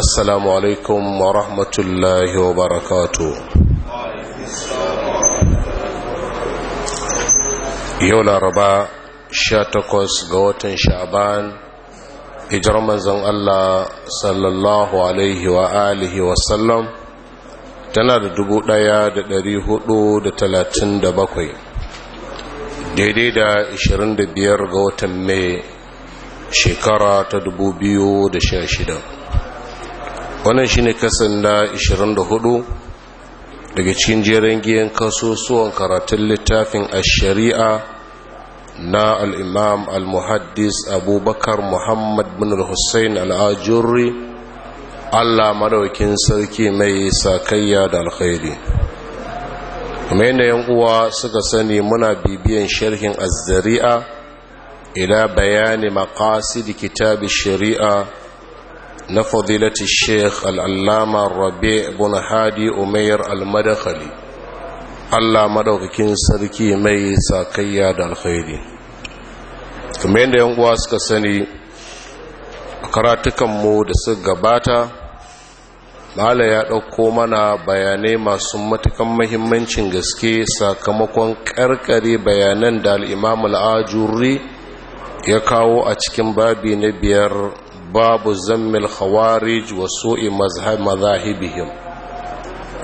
السلام عليكم Yau Laraba sha يولا ga watan قوة شعبان هجر منزن الله صلى الله عليه وآله وسلم tana da dubu ɗaya da ɗari huɗu da talatin da bakwai daidai da ashirin da biyar ga watan mai shekara ta dubu biyu da sha shida wannan shi ne kasan na 24 daga cikin jerin giyan kasusuwan karatun littafin a shari'a na al'imam al-muhaddis abubakar muhammad bin hussein al'ajurri allah madaukin sarki mai sakayya da alkhairi kuma yadda yan uwa suka sani muna bibiyan sharhin azzari'a ila bayani makasidi kitabin shari'a na fadilati sheikh al'allama rabe bin hadi umair al-madakhali allah madaukakin sarki mai sakayya da alkhairi kuma yadda yan suka sani a karatukanmu da su gabata mala ya ɗauko mana bayanai masu matukan mahimmancin gaske sakamakon ƙarƙare bayanan da al'imam al'ajurri ya kawo a cikin babi na biyar babu zammil khawarij wa su'i mazahibihim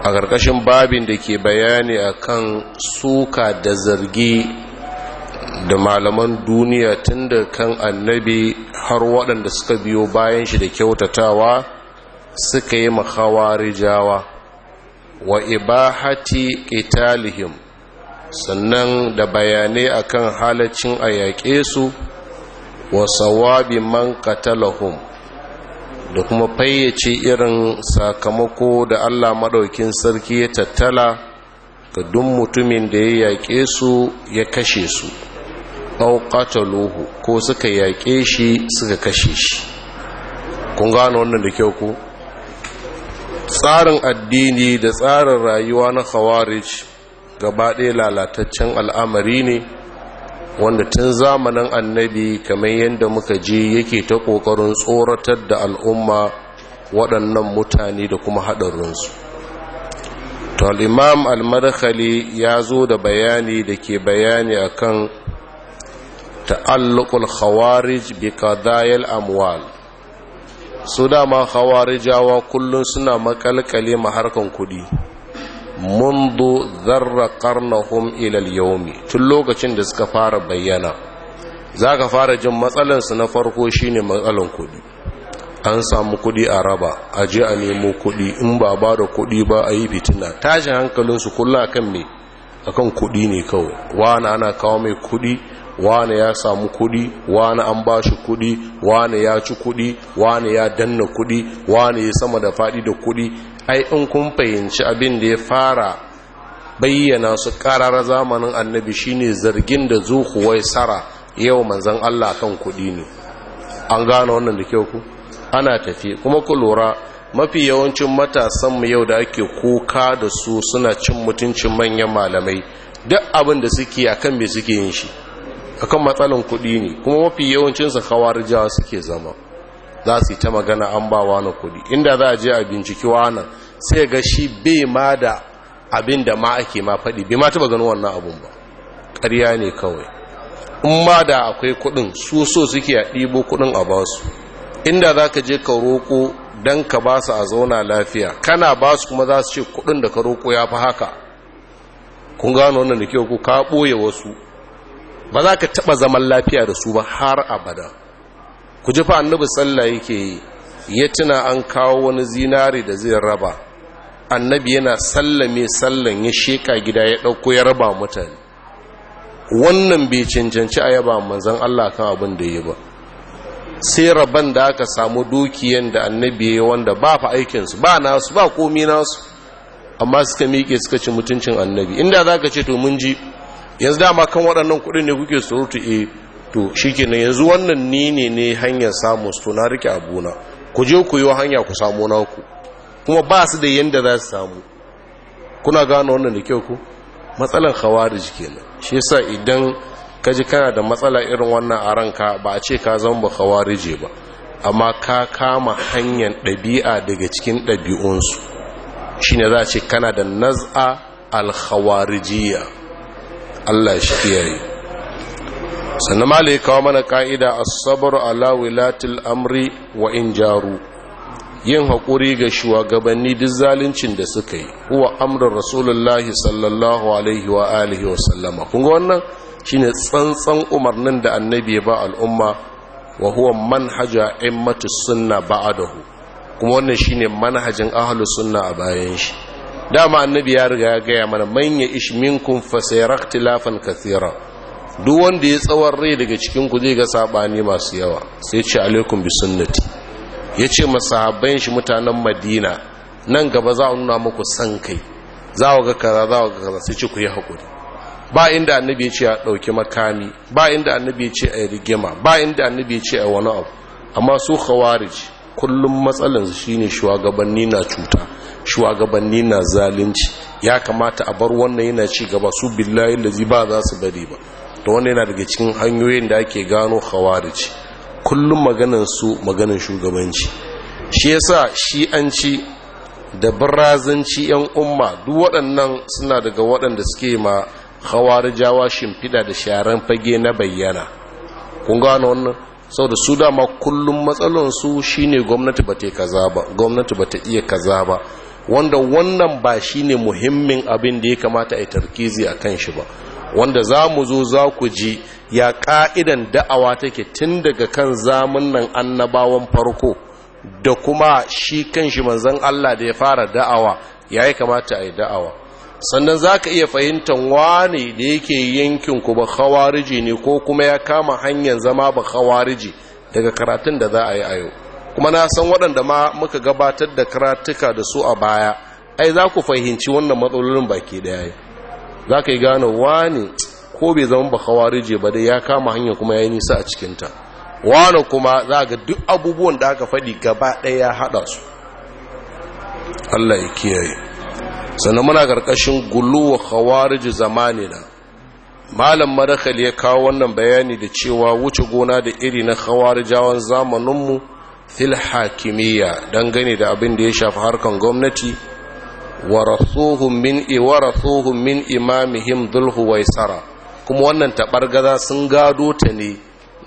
a ƙarƙashin babin da ke bayani akan suka da zargi da malaman duniya tun da kan annabi har waɗanda suka biyo bayan shi da kyautatawa suka yi mahawarijawa wa ibahati qitalihim sannan da bayanai akan halacin a yaƙe su wa sawabi man qatalahum da kuma fayyace irin sakamako da Allah madaukin sarki ya tattala ga duk mutumin da ya yaƙe su ya kashe su aw qataluhu ko suka yaƙe shi suka kashe shi kun gano wannan da kyau ku tsarin addini da tsarin rayuwa na khawarij gaba ɗaya lalataccen al'amari ne wanda tun zamanin annabi kamar yadda muka ji yake ta ƙoƙarin tsoratar da al'umma waɗannan mutane da kuma haɗarinsu imam al-madakhali ya zo da bayani da ke bayani a kan ta'alluƙul khawarij bi qadayil amwal su dama khawarijawa kullum suna makalkale ma harkar kuɗi mundu zarra karnahum ilal yaumi tun lokacin da suka fara bayyana zaka fara jin su na farko shine matsalan kudi an samu kudi a raba a je a nemo kudi in ba ba da kudi ba a yi fitina tashin hankalinsu su kan me akan kudi ne kawai wani ana kawo mai kudi wane ya samu kudi wane an ba shi kudi wane ya ci kudi wane ya danna kudi wane ya sama da fadi da kudi ai in kun fahimci abin da ya fara bayyana su karara zamanin annabi shine zargin da wai sara yau manzon Allah kan kudi ne an gane wannan da kyau ku ana tafi kuma ku lura mafi yawancin matasanmu yau da ake kuka da su suna cin mutuncin manyan malamai duk abin da suke akan me suke yin shi akan matsalin kuɗi ne kuma mafi yawancin yawancinsa kawarijawa suke zama za su ta magana an ba wani kuɗi inda za a je a binciki wani sai ga shi bai ma da abin da ma ake ma faɗi bai ma taɓa ganin wannan abun ba ƙarya ne kawai in ma da akwai kuɗin su so suke a ɗibo kuɗin a basu inda za ka je ka roƙo dan ka ba su a zauna lafiya kana ba su kuma za su ce kuɗin da ka roƙo ya fi haka kun gano wannan da kyau ku ka ɓoye wasu ba za ka taɓa zaman lafiya da su ba har abada ku ji fa annabi sallah yake yi ya tuna an kawo wani zinari da zai raba annabi yana sallame sallan ya sheka gida ya ɗauko ya raba mutane wannan bai cancanci a yaba manzan Allah kan abin da ya ba sai raban da aka samu dukiyan da annabi ya wanda ba fa aikinsu ba nasu ba komi nasu amma suka miƙe suka ci mutuncin annabi inda za ka ce to mun ji yanzu dama kan waɗannan kuɗin ne kuke surutu e to shi kenan yanzu wannan ni ne ne hanyar samun su na rike abuna ku je ku yi hanya ku samu naku kuma ba su da yanda za su samu kuna gano wannan da kyau ku matsalan khawarij kenan shi yasa idan ka ji kana da matsala irin wannan a ranka ba a ce ka zama ba khawarije ba amma ka kama hanyar ɗabi'a daga cikin ɗabi'unsu shine za a ce kana da naz'a al-khawarijiyya Allah shi kiyaye sannan mala ya kawo mana ka'ida asabar ala wilatil amri wa in jaru yin haƙuri ga shugabanni duk zaluncin da suka yi huwa amrin rasulullahi sallallahu alaihi wa alihi wa sallama kun ga wannan shine tsantsan umarnin da annabi ya ba al'umma wa huwa manhaja immatus sunna ba'dahu kuma wannan shine manhajin ahlus sunna a bayan shi dama annabi ya riga ya gaya mana manya ishminkum fasairak tilafan kathira duk wanda ya tsawon rai daga cikin ku zai ga sabani masu yawa sai ce alaikum bi sunnati yace masahabban shi mutanen madina nan gaba za a nuna muku san kai za ga kaza za ga kaza sai ce ku yi hakuri ba inda annabi ya ce a dauki makami ba inda annabi ya ce a rigima ba inda annabi ya ce a wani abu amma su khawarij kullum matsalansu shine shugabanni na cuta shugabanni na zalunci ya kamata a bar wannan yana ci gaba su billahi lazi ba za su bari ba to wannan yana daga cikin hanyoyin da ake gano khawarij kullum maganar su maganan shugabanci shi yasa shi an ci da barazanci yan umma duk waɗannan suna daga waɗanda suke ma khawarijawa shimfiɗa da sharan fage na bayyana kun gano wannan saboda su dama kullum matsalonsu shine gwamnati ba ta kaza ba gwamnati ba ta iya kaza ba wanda wannan ba shi ne muhimmin abin da ya kamata a yi tarkizi a kan shi ba wanda za mu zo za ku ji ya ƙa'idan da'awa take tun daga kan zamun nan annabawan farko da kuma shi kan shi manzan Allah da ya fara da'awa ya yi kamata a yi da'awa sannan za ka iya fahimtar wani da yake yankin ku ba khawariji ne ko kuma ya kama hanyar zama ba khawariji daga karatun da za a yi a yau kuma na san waɗanda ma muka gabatar da karatuka da su a baya ai za ku fahimci wannan matsalolin baki ɗaya za ka yi gane wani ko bai zama ba kawarije ba dai ya kama hanyar kuma ya yi nisa a cikinta wani kuma za ga duk abubuwan da aka faɗi gaba ɗaya ya haɗa su allah ya kiyaye sannan muna ƙarƙashin guluwa kawarije zamani na malam madakhal ya kawo wannan bayani da cewa wuce gona da iri na khawarijawan zamaninmu fil hakimiyya dangane da abin da ya shafi harkan gwamnati warasuhum min min imamihim zulhuwaisara kuma wannan taɓargaza sun gado ta ne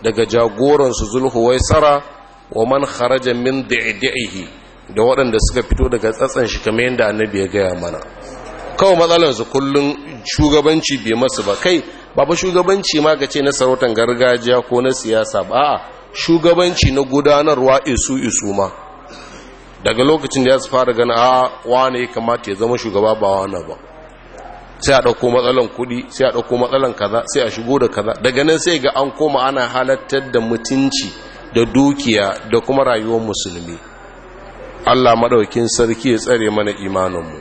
daga jagoransu zulhuwaisara wa man kharaja min da'idihi da waɗanda suka fito daga tsatsan shi kamar yadda annabi ya gaya mana kawai matsalarsu kullum shugabanci bai masu ba kai ba shugabanci ma ga ce na sarautar gargajiya ko na siyasa ba a shugabanci na gudanarwa isu isu ma daga lokacin da ya su fara gana a wane ya kamata ya zama shugaba ba wane ba sai a ɗauko matsalan kuɗi sai a ɗauko matsalar kaza sai a shigo da kaza daga nan sai ga an koma ana halattar da mutunci da dukiya da kuma rayuwar musulmi allah maɗaukin sarki ya tsare mana imaninmu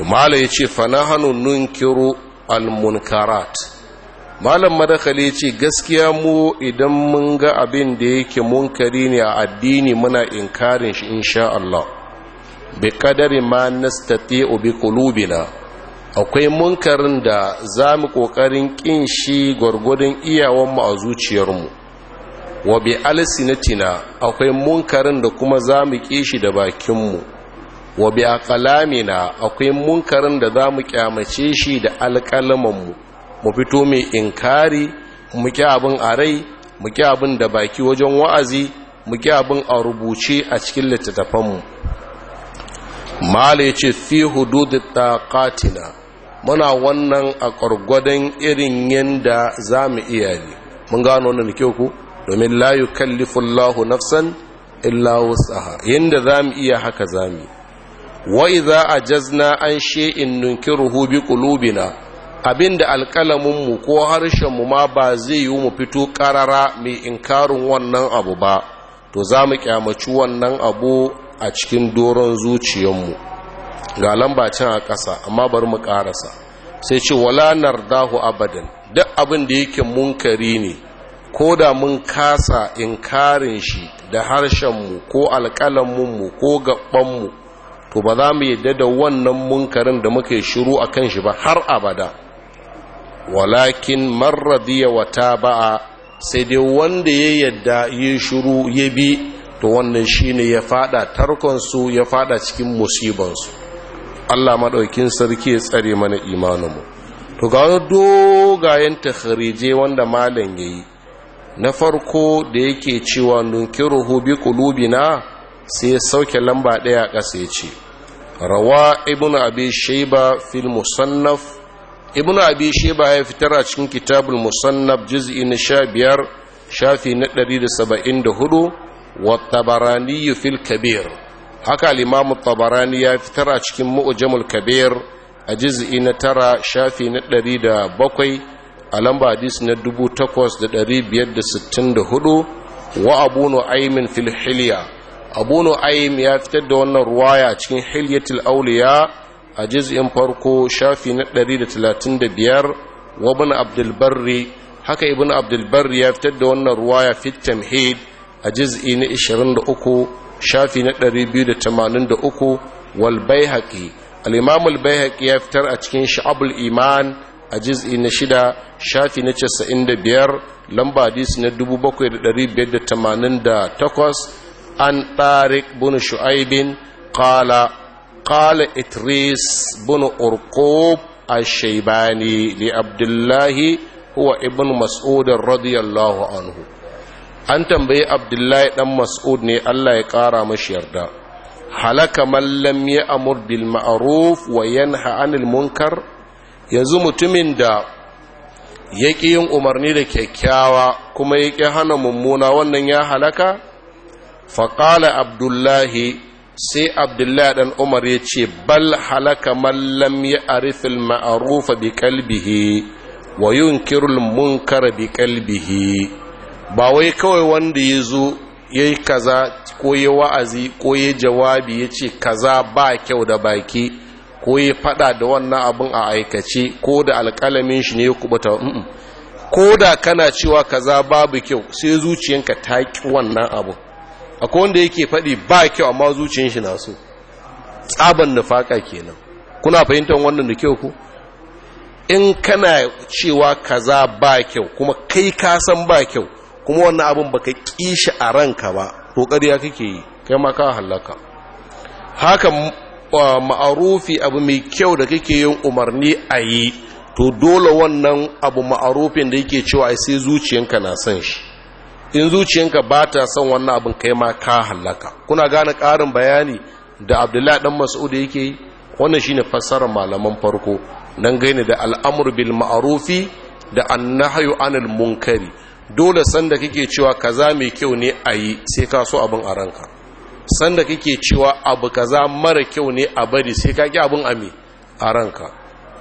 to mala ya ce fanahanu kiro almunkarat malam madakali ya ce gaskiya mu idan mun ga abin da yake munkari ne a addini muna inkarin shi insha Allah bi kadari ma nastati bi qulubina akwai munkarin da za mu ƙoƙarin ƙin shi iyawan mu a zuciyarmu wa bi alsinatina akwai munkarin da kuma za mu kishi shi da mu wa bi aqlamina akwai munkarin da zamu kyamace shi da alƙalaman mu mu fito mai inkari mu ki abin a rai mu ki abin da baki wajen wa'azi mu ki abin a rubuce a cikin littattafan mu mala yace fi hududit taqatina muna wannan a gargwadan irin yanda zamu iya ne mun gano wannan kyau ku domin la yukallifullahu nafsan illa wusaha yanda zamu iya haka zamu wa idza ajazna an shay'in nunkiruhu bi qulubina abinda alkalamin mu ko harshen mu ma ba zai yi mu fito karara mai inkarin wannan abu ba to za mu kyamaci wannan abu a cikin doron zuciyarmu ga lamba a ƙasa amma bari mu karasa sai ce wala nardahu abadan duk abin da yake munkari ne ko da mun kasa inkarin shi da harshen mu ko mu ko mu. to ba za mu yadda da wannan munkarin da muke shiru a kan shi ba har abada walakin marradiya wata ba'a sai dai wanda ya yadda ya shiru ya bi to wannan shi ne ya fada tarkonsu ya fada cikin musibansu Allah maɗaukin sarki ya tsare mana imaninmu to ga wani dogayen wanda malam yi, na farko da yake cewa nunkiruhu bi kulubina sai sauke lamba ɗaya ƙasa ya ce rawa ibn abi shaiba fil musannaf ibn abi shaiba ya fitar a cikin kitabul musannaf juz'i na sha biyar shafi na ɗari da saba'in da hudu wa tabarani fil kabir haka limamu tabarani ya fitar a cikin mu'ujamul kabir a juz'i na tara shafi na ɗari da bakwai a lamba hadis na dubu takwas da ɗari biyar da sittin da hudu wa abu nu'aymin fil hilya abu nu'aym ya fitar da wannan ruwaya cikin hilyatul auliya a juz'in farko shafi na 135 wa ibn abdul barri haka ibn abdul barri ya fitar da wannan ruwaya fit tamhid a juz'i na 23 shafi na 283 wal baihaqi al-imam al baihaqi ya fitar a cikin sha'abul iman a juz'i na 6 shafi na 95 lamba hadisi na 7588 an tariq bin shu'aibin qala qala idris bin urqub ash-shaybani li abdullahi huwa ibn mas'ud radiyallahu anhu an tambayi abdullahi ɗan mas'ud ne Allah ya ƙara mashi yarda halaka man lam ya'mur bil ma'ruf wa yanha munkar yanzu mutumin da ya yin umarni da kyakkyawa kuma yaƙi hana mummuna wannan ya halaka faƙala abdullahi sai abdullahi ɗan umar ya ce bal halaka mallam ya arifil ma'arufa bi kalbihi wa yunkirul munkara bi kalbihi ba wai kawai wanda ya zo ya yi kaza ko ya wa'azi ko ya jawabi ya ce kaza ba kyau da baki ko ya fada da wannan abin a aikace ko da alƙalamin shi ne ya kubuta ko da kana cewa kaza babu kyau sai zuciyarka ta ƙi wannan abun. akwai wanda yake faɗi ba kyau amma zuciyar shi na so tsaban nufaka kenan kuna fahimtar wannan da kyau ku in kana cewa kaza ba kyau kuma kai ka san ba kyau kuma wannan abin baka kishi a ranka ba to ƙarya kake yi kai ma ka halaka haka ma'arufi abu mai kyau da kake yin umarni a yi to dole wannan abu ma'arufin da yake cewa sai zuciyanka na san shi in zuciyanka ba ta son wannan abin kai ma ka hallaka kuna gane ƙarin bayani da abdullahi dan mas'ud yake yi wannan shine fassarar malaman farko nan gaine da al'amur bil ma'arufi da annahyu anil munkari dole sanda kike cewa kaza mai kyau ne a sai ka so abin a ranka sanda kike cewa abu kaza mara kyau ne a bari sai ka ki abin ami a ranka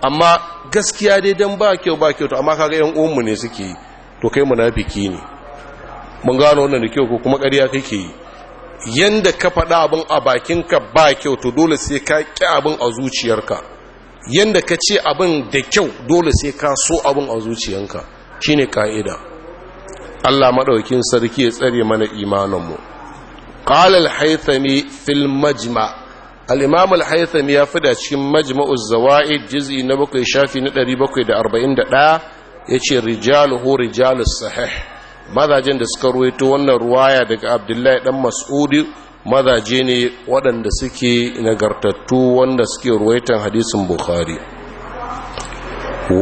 amma gaskiya dai dan ba kyau ba kyau to amma kaga yan ummu ne suke yi to kai munafiki ne mun gano wannan da kyau ko kuma ƙarya kake yi yanda ka faɗa abin a bakinka ba kyau to dole sai ka ƙi abin a zuciyarka yanda ka ce abin da kyau dole sai ka so abin a Shi shine ka'ida Allah maɗaukin sarki ya tsare mana imaninmu qalal haythami fil majima. al imam al haythami ya fada cikin majma'u zawaid juz'i na bakwai shafi na 741 yace rijaluhu rijalus sahih mazajen da suka ruwaito wannan ruwaya daga abdullahi dan mas'udi mazaje ne waɗanda suke nagartattu wanda suke ruwaitan hadisin bukhari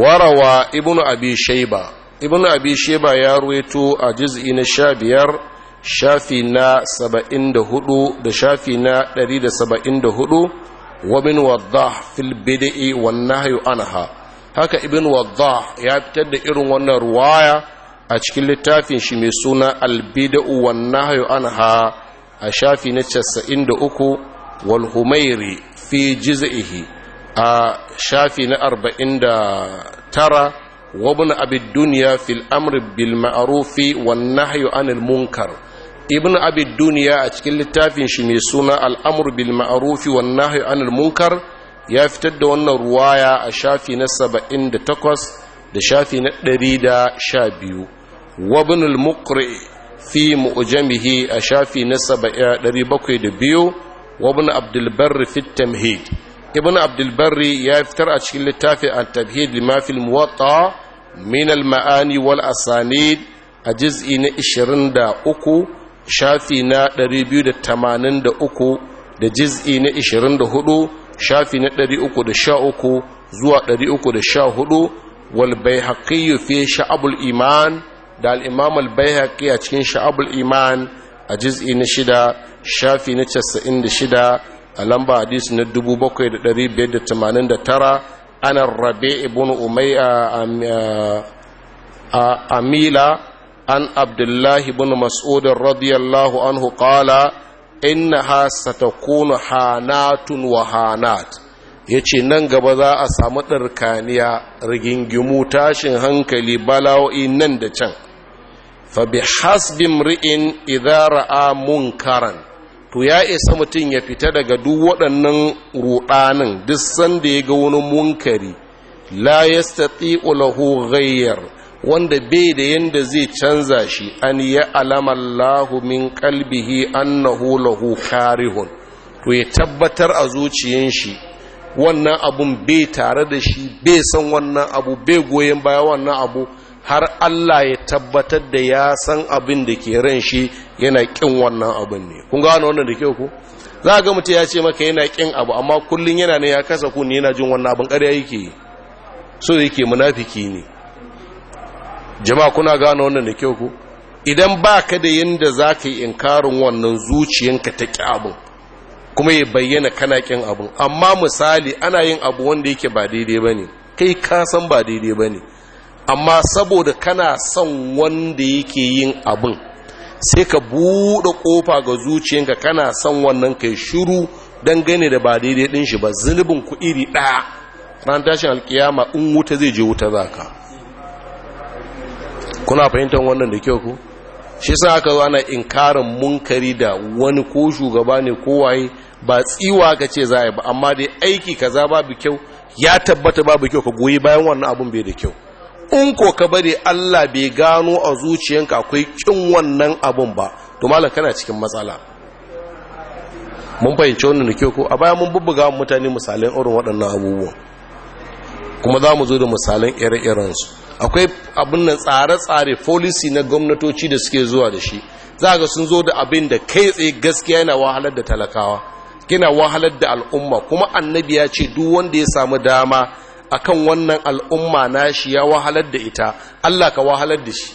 warawa ibnu abi shaiba ibnu abi shaiba ya ruwaito a juz'i na sha biyar shafi na saba'in da hudu da shafi na ɗari da saba'in da hudu wamin wadda fil "Wannan wa nahyu anha haka ibn wadda ya fitar da irin wannan ruwaya a cikin littafin shi mai suna albida'u wan an anha a shafi na 93 Walhumairi fi juz'ihi a shafi na 49 wa ibn abi dunya fil amri bil maarufi wan nahyu an munkar ibn abi a cikin littafin shi mai suna al bil ma'rufi wan nahyu an munkar ya fitar da wannan ruwaya a shafi na 78 da shafi na 112 وابن المقرئ في مؤجمه أشافي نسب دريبكي دبيو وابن عبد البر في التمهيد ابن عبد البر يفتر أشكل التافع التمهيد لما في الموطأ من المعاني والأسانيد أجزء إشرين دا أكو شافي نا دريبيو دا تمانين دا أكو da jiz'i na 24 shafi na 313 zuwa 314 wal bai haƙiyu fi sha'abul iman da al'imam al-bayhaqi a cikin sha'abul iman a jiz'i na shida shafi na casa'in da shida a lamba hadisi na dubu bakwai da ɗari biyar da tamanin da tara ana rabe ibn umai a amila an abdullahi ibn mas'udin radiyallahu anhu qala innaha satakunu hanatun wa hanat ya ce nan gaba za a samu ɗarkaniya rigingimu tashin hankali bala'o'i nan da can fa bi hasbi idza ra'a munkaran to ya isa mutum ya fita daga duk waɗannan ruɗanin duk sanda ya ga wani munkari la yastati'u lahu ghayyar wanda bai da yanda zai canza shi an ya alama Allahu min qalbihi annahu lahu karihun to ya tabbatar a zuciyen shi wannan abun bai tare da shi bai san wannan abu bai goyon baya wannan abu har Allah ya tabbatar da ya san abin da ke ran shi yana kin wannan abin ne kun gano wannan da kyau ku za ga mutum ya ce maka yana kin abu amma kullun yana ne ya kasa ku ne yana jin wannan abin ƙarya yake so yake munafiki ne jama'a kuna gano wannan da kyau ku idan ba ka da yanda za ka yi inkarin wannan zuciyanka ta ƙi abin kuma ya bayyana kana ƙin abin amma misali ana yin abu wanda yake ba daidai ba ne kai kasan ba daidai ba ne amma saboda kana son wanda yake yin abin sai ka buɗe ƙofa ga zuciyanka kana son wannan kai shiru don gane da ba daidai ɗin shi ba zunubin ku iri ɗaya ran tashin alkiyama in wuta zai je wuta za ka kuna fahimtar wannan da kyau ku shi sa aka zo ana inkarin munkari da wani ko shugaba ne ko waye ba tsiwa ka ce za a yi ba amma dai aiki kaza babu kyau ya tabbata babu kyau ka goyi bayan wannan abun bai da kyau in ko ka bari Allah bai gano a zuciyanka akwai kin wannan abun ba to malam kana cikin matsala mun fahimci wannan nake ko a baya mun bubbuga mutane misalan irin waɗannan abubuwan kuma za mu zo da misalan ire-iren su akwai abin nan tsare-tsare policy na gwamnatoci da suke zuwa da shi za ga sun zo da abin da kai tsaye gaskiya yana wahalar da talakawa yana wahalar da al'umma kuma annabi ya ce duk wanda ya samu dama akan wannan al'umma na shi ya wahalar da ita Allah ka wahalar da shi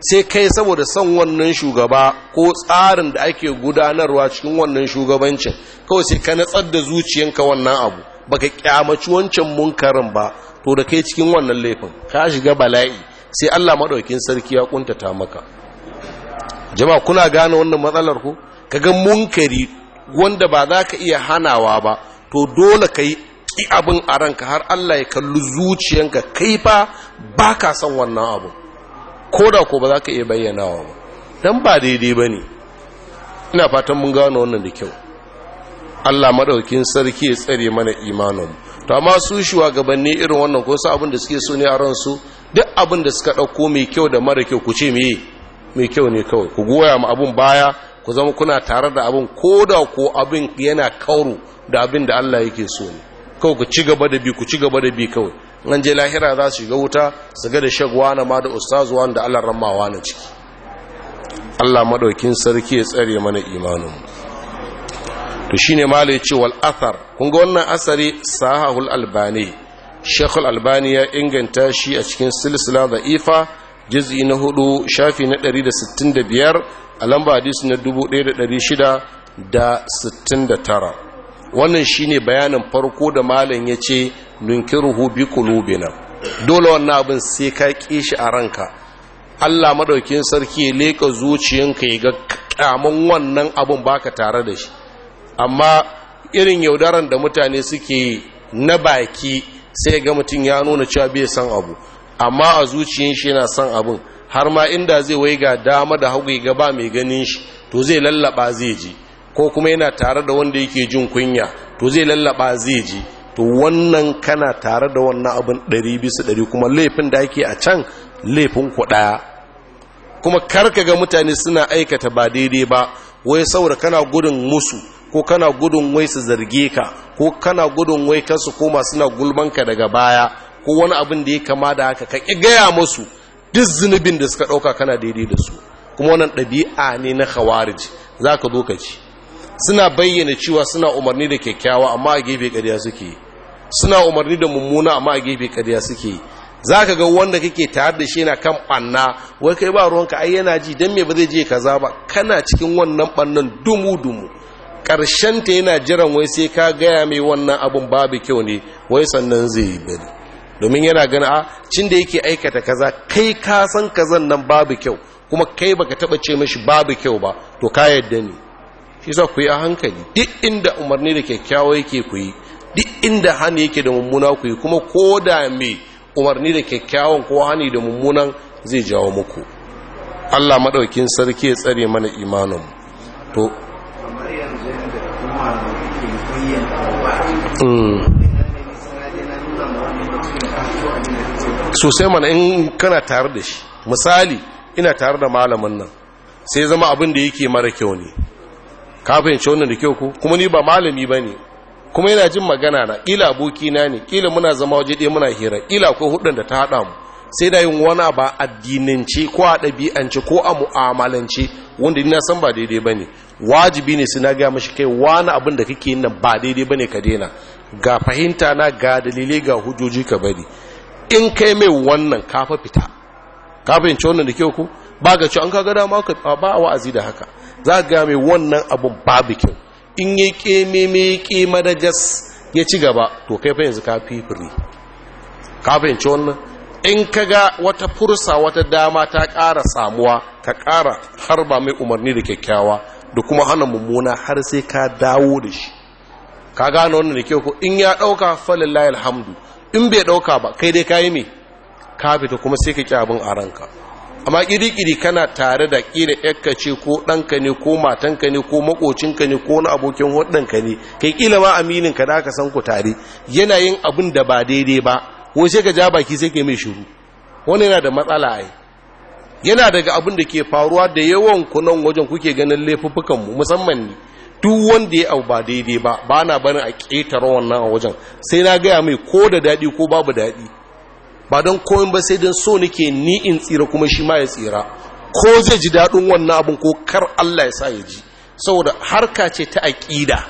sai kai saboda son wannan shugaba ko tsarin da ake gudanarwa cikin wannan shugabancin kawai sai ka natsar da zuciyanka wannan abu Ba ka kyamaci wancan munkarin ba to da kai cikin wannan laifin ka shiga bala'i sai Allah maɗaukin sarki ya kuntata maka jama kuna gane wannan matsalar ku ga munkari wanda ba za ka iya hanawa ba to dole ka yi ki abin a ranka har Allah ya kalli zuciyanka kai fa ba ka son wannan abu ko da ko ba za ka iya bayyanawa ba don ba daidai ba ne ina fatan mun gano wannan da kyau Allah maɗaukin sarki ya tsare mana imanin to amma su gabanni irin wannan ko su abin da suke so ne a ransu duk abin da suka ɗauko mai kyau da mara kyau ku ce me mai kyau ne kawai ku goya mu abin baya ku zama kuna tare da abin ko da ko abin yana kauro da abin da Allah yake so ne kawai ku ci gaba da bi ku ci gaba da bi kawai nan je lahira za su shiga wuta su ga da shagwana ma da ustazuwa da Allah ramawa na ciki Allah madaukin sarki ya tsare mana imanin to shine ne yace wal athar kun ga wannan asari sahahul albani shekul albani ya inganta shi a cikin silsila ifa jizi na hudu shafi na 165 a lamba hadisi na 1669 wannan shine bayanin farko da malam ya ce nunkiruhu bi qulubina dole wannan abin sai ka kishi a ranka Allah maɗaukin sarki ya leka zuciyanka ya ga kyamun wannan abin baka tare da shi amma irin yaudaran da mutane suke yi na baki sai ga mutum ya nuna cewa bai san abu amma a zuciyin shi yana san abin har ma inda zai waiga dama da hagu ga ba mai ganin shi to zai lallaba zai je. ko kuma yana tare da wanda yake jin kunya to zai lallaba zai ji to wannan kana tare da wannan abin ɗari kuma laifin da ake a can laifin ku Kuma kuma karka ga mutane suna aikata ba daidai ba wai saboda kana gudun musu ko kana gudun wai su zarge ka ko kana gudun wai kansu koma suna gulmanka daga baya ko wani abin da ya kama da haka ka gaya musu duk zunubin da suka ɗauka kana daidai da su kuma wannan ɗabi'a ne na khawarij za ka zo ka ci suna bayyana cewa suna umarni da kyakkyawa amma a gefe ƙarya suke suna umarni da mummuna amma a gefe ƙarya suke za ka ga wanda kake tare da shi na kan ɓanna wai kai ba ruwanka ai yana ji don me ba zai je kaza ba kana cikin wannan ɓannan dumu-dumu ta yana jiran wai sai ka gaya mai wannan abin babu kyau ne wai sannan zai yi bari domin yana gana a ah, cin da yake aikata kaza kai ka san kazan nan babu kyau kuma kai baka taba ce mashi babu kyau ba to ka yadda ne shi za ku yi a hankali duk inda umarni da kyakkyawa yake ku yi duk inda hannu yake da mummuna ku yi kuma ko da mai umarni da kyakkyawan ko hannu da mummunan zai jawo muku allah maɗaukin sarki ya tsare mana imanin to hmm. sosai mana in kana tare da shi misali ina tare da malamin nan sai zama abin da yake mara kyau ne ka fahimci wannan da kyau ku kuma ni ba malami ba ne kuma yana jin magana na ƙila na ne ƙila muna zama waje ɗaya muna hira ƙila akwai hudun da ta haɗa mu sai da yin wani ba addinance ko a ɗabi'ance ko a mu'amalance wanda ni na san ba daidai ba ne wajibi ne su na gaya mashi kai wani abin da kake yin nan ba daidai ba ne ka daina ga fahimta na ga dalilai ga hujjoji ka bari in kai mai wannan kafa fita ka fahimci wannan da kyau ku ba ga cewa an kaga dama ba wa'azi da haka za ga mai wannan abun babikin in ya keme kema da gas ya ci gaba to kai fa yanzu ka fifiri ka fahimci wannan in ka ga wata fursa wata dama ta ƙara samuwa ka ƙara ba mai umarni da kyakkyawa da kuma hana mummuna har sai ka dawo da shi ka gane wannan da kyau ko in ya ɗauka falillahi alhamdu in bai ɗauka ba kai dai ka yi mai. ka fita kuma sai ka ƙi abin a ranka amma kirikiri kana tare da kira yakka ce ko ɗanka ne ko matanka ne ko makocinka ne ko na abokin hudanka ne kai kila ma aminin ka da ka san ku tare yanayin yin abin da ba daidai ba ko sai ka ja baki sai ka mai shiru wani yana da matsala ai yana daga abin da ke faruwa da yawan ku nan wajen kuke ganin laifuffukan mu musamman ni duk wanda ya abu ba daidai ba ba na barin a ƙetare wannan a wajen sai na gaya mai ko da daɗi ko babu daɗi ba don koyon ba sai don so nake ni in tsira kuma shi ma ya tsira ko zai ji daɗin wannan abin ko kar Allah ya sa ya ji saboda harka ce ta aƙida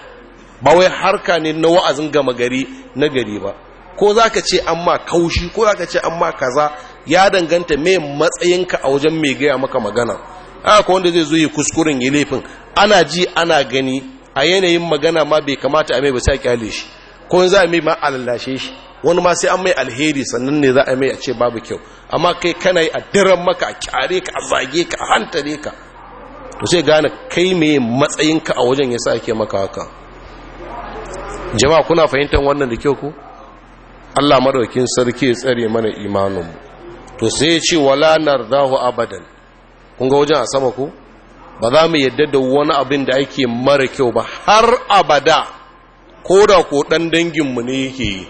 ba wai harka ne na wa'azin gama gari na gari ba ko za ka ce an ma kaushi ko za ka ce an ma kaza ya danganta mai matsayinka a wajen mai gaya maka magana haka wanda zai zo yi kuskuren yi laifin ana ji ana gani a yanayin magana ma bai kamata a mai ba sai kyale shi ko za a mai ma alallashe shi wani ma sai an mai alheri sannan ne za a mai a ce babu kyau amma kai kana yi a daren maka a kyare ka a zage ka a hantare ka to sai gane kai mai matsayinka a wajen yasa ake maka haka jama'a kuna fahimtar wannan da kyau ku Allah madaukin sarki ya tsare mana imaninmu to sai ya ce wala nardahu abadan kun ga wajen a sama ku ba za mu yadda da wani abin da ake mara kyau ba har abada ko da ko ɗan danginmu ne yake yi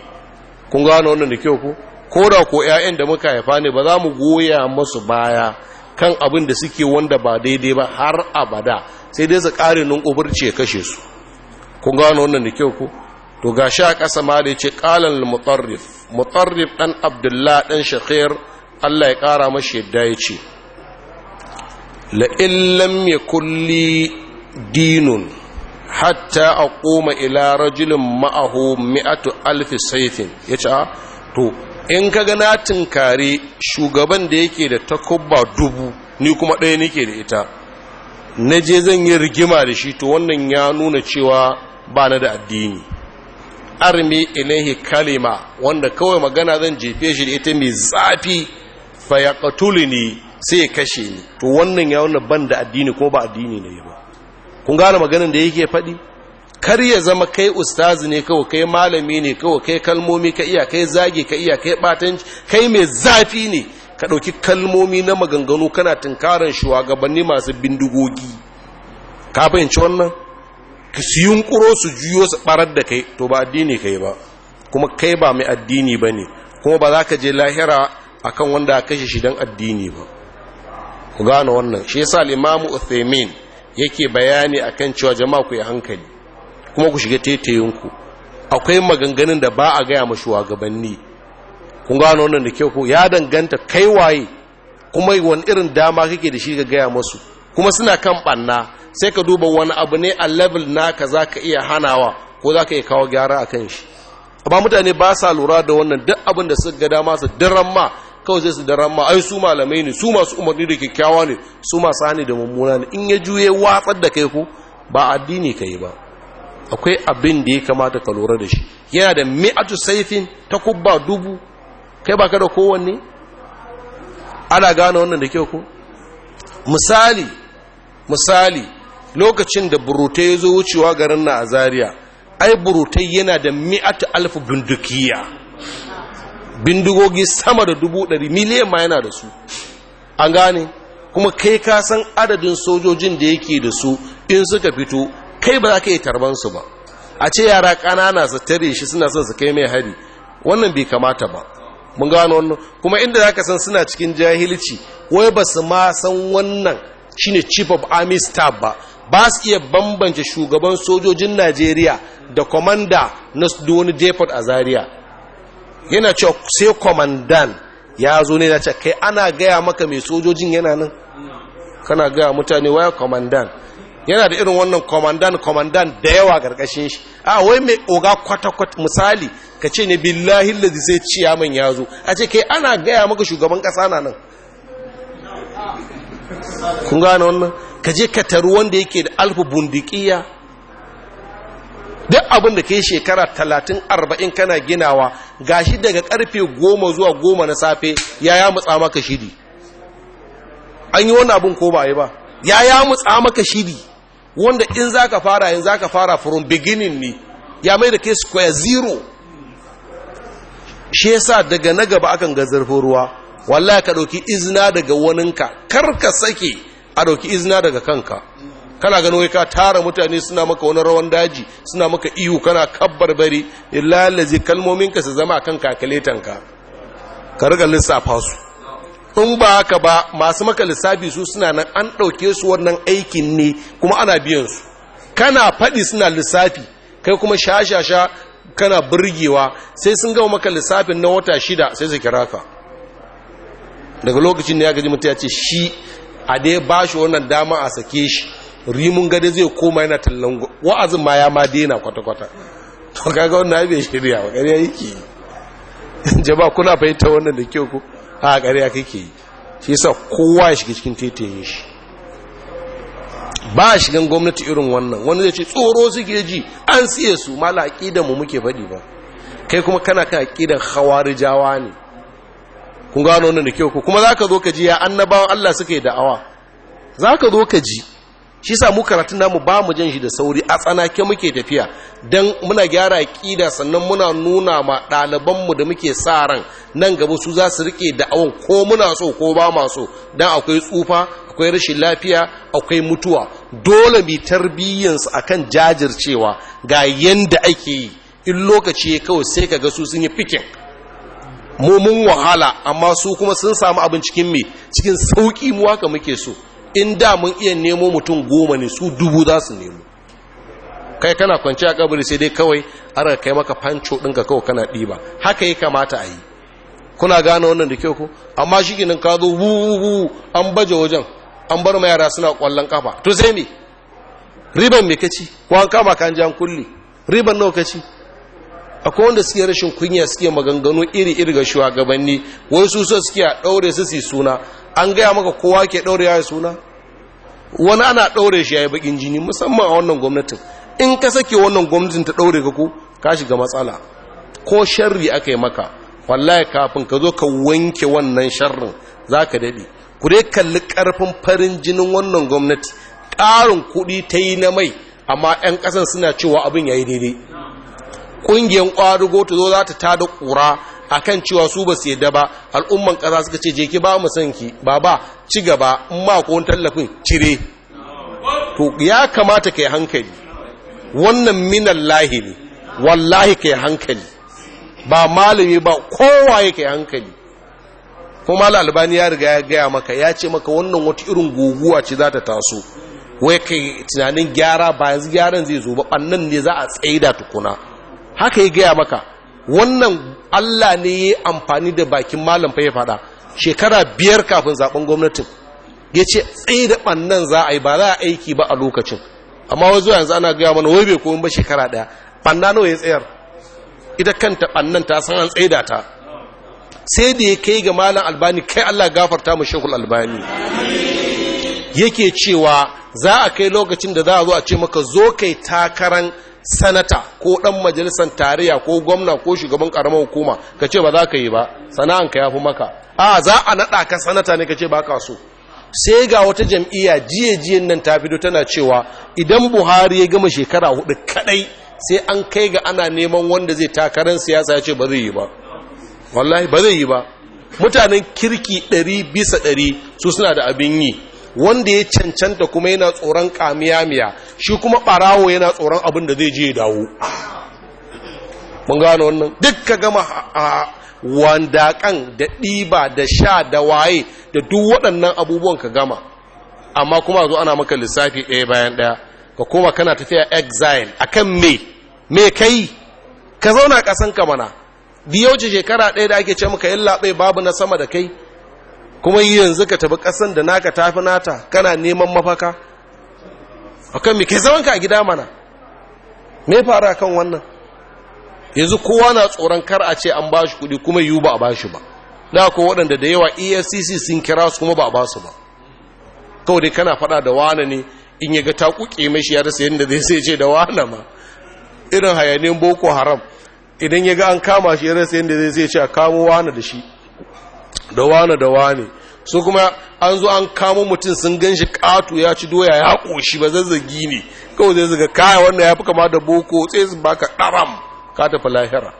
kun gano wannan da kyau ku ko da ko 'ya'yan da muka haifa ne ba za mu goya masu baya kan abin da suke wanda ba daidai ba har abada sai dai su ƙare nunkufurci ya kashe su kun gano wannan da kyau ku to ga sha ƙasa ma da ya ce ƙalan mutarrif mutarrif ɗan abdullah ɗan shakir allah ya ƙara mashi yadda ya ce la'illam ya kulli dinun hatta a koma ila rajulun ma'ahu mi'atu alfi saifin ya ce ah, to in ka na tunkari shugaban da yake da takubba dubu ni kuma ɗaya nake da ita na je zan yi rigima da shi to wannan ya nuna cewa ba na da addini armi ilaihi kalima wanda kawai magana zan jefe shi da ita mai zafi fayakatuli ne sai ya kashe ni to wannan ya wannan ban da addini ko ba addini ne ba kun gane maganin da yake faɗi kar ya zama kai ustazi ne kawo kai malami ne kawo kai kalmomi ka iya kai zagi ka iya kai batanci kai mai zafi ne ka ɗauki kalmomi na maganganu kana tunkaran shugabanni masu bindigogi ka fahimci wannan ka su yunkuro su juyo su barar da kai to ba addini kai ba kuma kai ba mai addini ba ne kuma ba za ka je lahira akan wanda a kashe shi don addini ba ku gane wannan shi yasa al-imamu Uthaymeen yake bayani akan cewa jama'a ku yi hankali kuma ku shiga taitayinku akwai maganganun da ba a gaya ma shugabanni kun gano wannan da kyau ku ya danganta kai waye kuma wani irin dama kake da shi ga gaya masu kuma suna kan banna sai ka duba wani abu ne a level naka za ka iya hanawa ko za ka iya kawo gyara a kan shi amma mutane ba sa lura da wannan duk abin da suka ga dama su daren ma kawai zai su da ramma ai su malamai ne su masu umarni da kyakkyawa ne su masu hannu da mummuna ne in ya juye watsar da kai ko ba addini ka yi ba akwai abin da ya kamata ka lura da shi yana da mi'atu saifin ta kubba dubu kai ba ka da kowanne ana gane wannan da kyau ko misali misali lokacin da burutai ya zo wucewa garin na a zaria ai burutai yana da mi'atu alfu bindukiya bindigogi sama da dubu ɗari miliyan ma yana da su an gane kuma kai ka san adadin sojojin da yake da su in suka fito kai ba za ka yi su ba a ce yara ƙanana su tare shi suna son su kai mai hari wannan bai kamata ba mun gano wannan kuma inda za ka san suna cikin jahilci wai ba su ma san wannan shine chief of army staff ba ba su iya bambance shugaban sojojin najeriya da kwamanda na wani depot a zaria yana cewa sai kwamandan ya zo ne na cakai kai ana gaya maka mai sojojin yana nan kana gaya mutane waya kwamandan yana da irin wannan kwamandan kwamandan da yawa karkashin shi a wai mai oga kwata-kwata misali ka ce ne billahi lalzi sai ciyaman ya zo a ce kai ana gaya maka shugaban kasa na nan kun gane wannan ka je ka taru wanda yake da alfu bundikiya duk abin da ke shekara talatin arba'in kana ginawa ga shi daga karfe goma zuwa goma na safe ya ya mutsa maka shiri an yi wani abin ko ba yi ba ya ya mutsa maka shiri wanda in za ka fara yin za ka fara from beginning ne ya mai da kai square zero shi yasa daga na gaba akan ga zurfin ruwa wallahi ka ɗauki izina daga waninka kar ka sake a ɗauki izina daga kanka kana gano wai ka tara mutane suna maka wani rawan daji suna maka ihu kana kabbar bari lalazi kalmominka su zama kan kakaletanka ka riga lissafa su in ba haka ba masu maka lissafi su suna nan an ɗauke su wannan aikin ne kuma ana biyan su kana faɗi suna lissafi kai kuma shashasha kana burgewa sai sun gama maka lissafin na wata shida sai su kira ka daga lokacin da ya gaji mutu ya ce shi a dai ba shi wannan dama a sake shi rimun gade zai koma yana tallan wa'azin ma ya ma dena kwata-kwata to kaga wannan abin shirya wa ƙarya yake yi jama kuna fahimta wannan da kyau ku a ƙarya kake yi shi sa kowa ya shiga cikin tetayen shi ba a shigan gwamnati irin wannan wani zai ce tsoro suke ji an siye su mala aqidan mu muke faɗi ba kai kuma kana kan hawari jawa ne kun gano wannan da kyau ku kuma za ka zo ka ji ya annabawan Allah suka yi da'awa za ka zo ka ji shi sa mu karatun namu ba mu jan shi da sauri a tsanake muke tafiya don muna gyara ƙida sannan muna nuna ma mu da muke sa ran nan gaba su za su rike da awon ko muna so ko ba ma so don akwai tsufa akwai rashin lafiya akwai mutuwa dole mai tarbiyyansu a kan jajircewa ga yanda ake yi in lokaci ya kawai sai ka ga su sun yi fikin mu mun wahala amma su kuma sun samu abin cikin me cikin sauƙi muwa ka muke so in da mun iya nemo mutum goma ne su dubu za su nemo kai kana kwanci a kabari sai dai kawai ka kai maka fanco ka kawai kana ɗiba haka ya kamata a yi kuna gane wannan da kyau ko amma shi ginin ka zo bu an baje wajen an bar ma yara suna kwallon kafa to sai me riban me kaci ko an kama k'an jan kulli. kulle riban nawa kaci akwai wanda suke rashin kunya suke maganganu iri iri ga shugabanni wai su so suke a daure su su suna an gaya maka kowa ke ɗaure ya suna wani ana ɗaure shi ya yi bakin jini musamman a wannan gwamnatin in ka sake wannan gwamnatin ta ɗaure ka ko ka shiga matsala ko sharri aka yi maka wallahi kafin ka zo ka wanke wannan sharrin za ka daɗe ku dai kalli ƙarfin farin jinin wannan gwamnati ƙarin kuɗi ta yi na mai amma 'yan ƙasan suna cewa abin ya yi daidai ƙungiyar ƙwarugo ta zo za ta tada ƙura akan cewa su ba su yadda ba al'umman ƙasa suka ce je ki ba mu son ki baba ci gaba ma ko tallafin cire to ya kamata kai hankali wannan minan lahiri wallahi kai hankali ba malami ba kowa ya kai hankali kuma albani ya riga ya gaya maka ya ce maka wannan wata irin guguwa ce za ta taso wai kai tunanin gyara ba yanzu gyaran zai zo ba ɓannan ne za a tsaida tukuna haka ya gaya maka wannan Allah ne ya amfani da bakin malam fa ya faɗa shekara biyar kafin zaben gwamnatin ya ce tsaye da ɓannan za a yi ba za a aiki ba a lokacin amma zuwa yanzu ana gaya mana wai bai komi ba shekara ɗaya ɓanna nawa ya tsayar ita kanta ɓannan ta san an tsaida ta sai da ya kai ga malam albani kai Allah gafarta mu shekul albani yake cewa za a kai lokacin da za a zo a ce maka zo kai takaran sanata ko ɗan majalisar tarayya ko gwamna ko shugaban karamar hukuma ka ce ba za ka yi ba sana'anka ya fi maka a za a naɗa ka sanata ne ka ce ba ka so sai ga wata jam'iyya jiye-jiyen nan ta fito tana cewa idan buhari ya gama shekara hudu kadai sai an kai ga ana neman wanda zai takarar siyasa ya ce ba zai yi ba wallahi ba zai yi ba mutanen kirki ɗari bisa ɗari su suna da abin yi wanda ya cancanta kuma yana tsoron kamiyamiya shi kuma barawo yana tsoron abin da zai je dawo mun gano wannan duk ka gama kan da ɗiba da sha da waye da duk waɗannan abubuwan ka gama amma kuma zo ana maka lissafi ɗaya bayan ɗaya ka koma kana tafiya exile kan me me kai ka zauna ƙasan ka mana da shekara ɗaya da ake ce maka yin laɓe babu na sama da kai kuma yi yanzu ka tabi ƙasan da naka tafi nata kana neman mafaka a me mike zaman ka a gida mana me fara kan wannan yanzu kowa na tsoron kar a ce an ba shi kuɗi kuma yiwu ba a ba shi ba da kuwa waɗanda da yawa efcc sun kira su kuma ba a ba su ba kawai dai kana faɗa da wane ne in ya ga ta kuke mashi ya rasa yadda zai sai ce da wane ma irin hayanin boko haram idan ya ga an kama shi ya rasa yadda zai sai ce a kamo wane da shi da wane da wane su kuma an zo an kamo mutum sun gan shi katu ya ci doya ya ƙoshi ba zazzagi ne kawai zai zaga kaya wannan ya fi kama da boko sai su baka ɗaram ka tafi lahira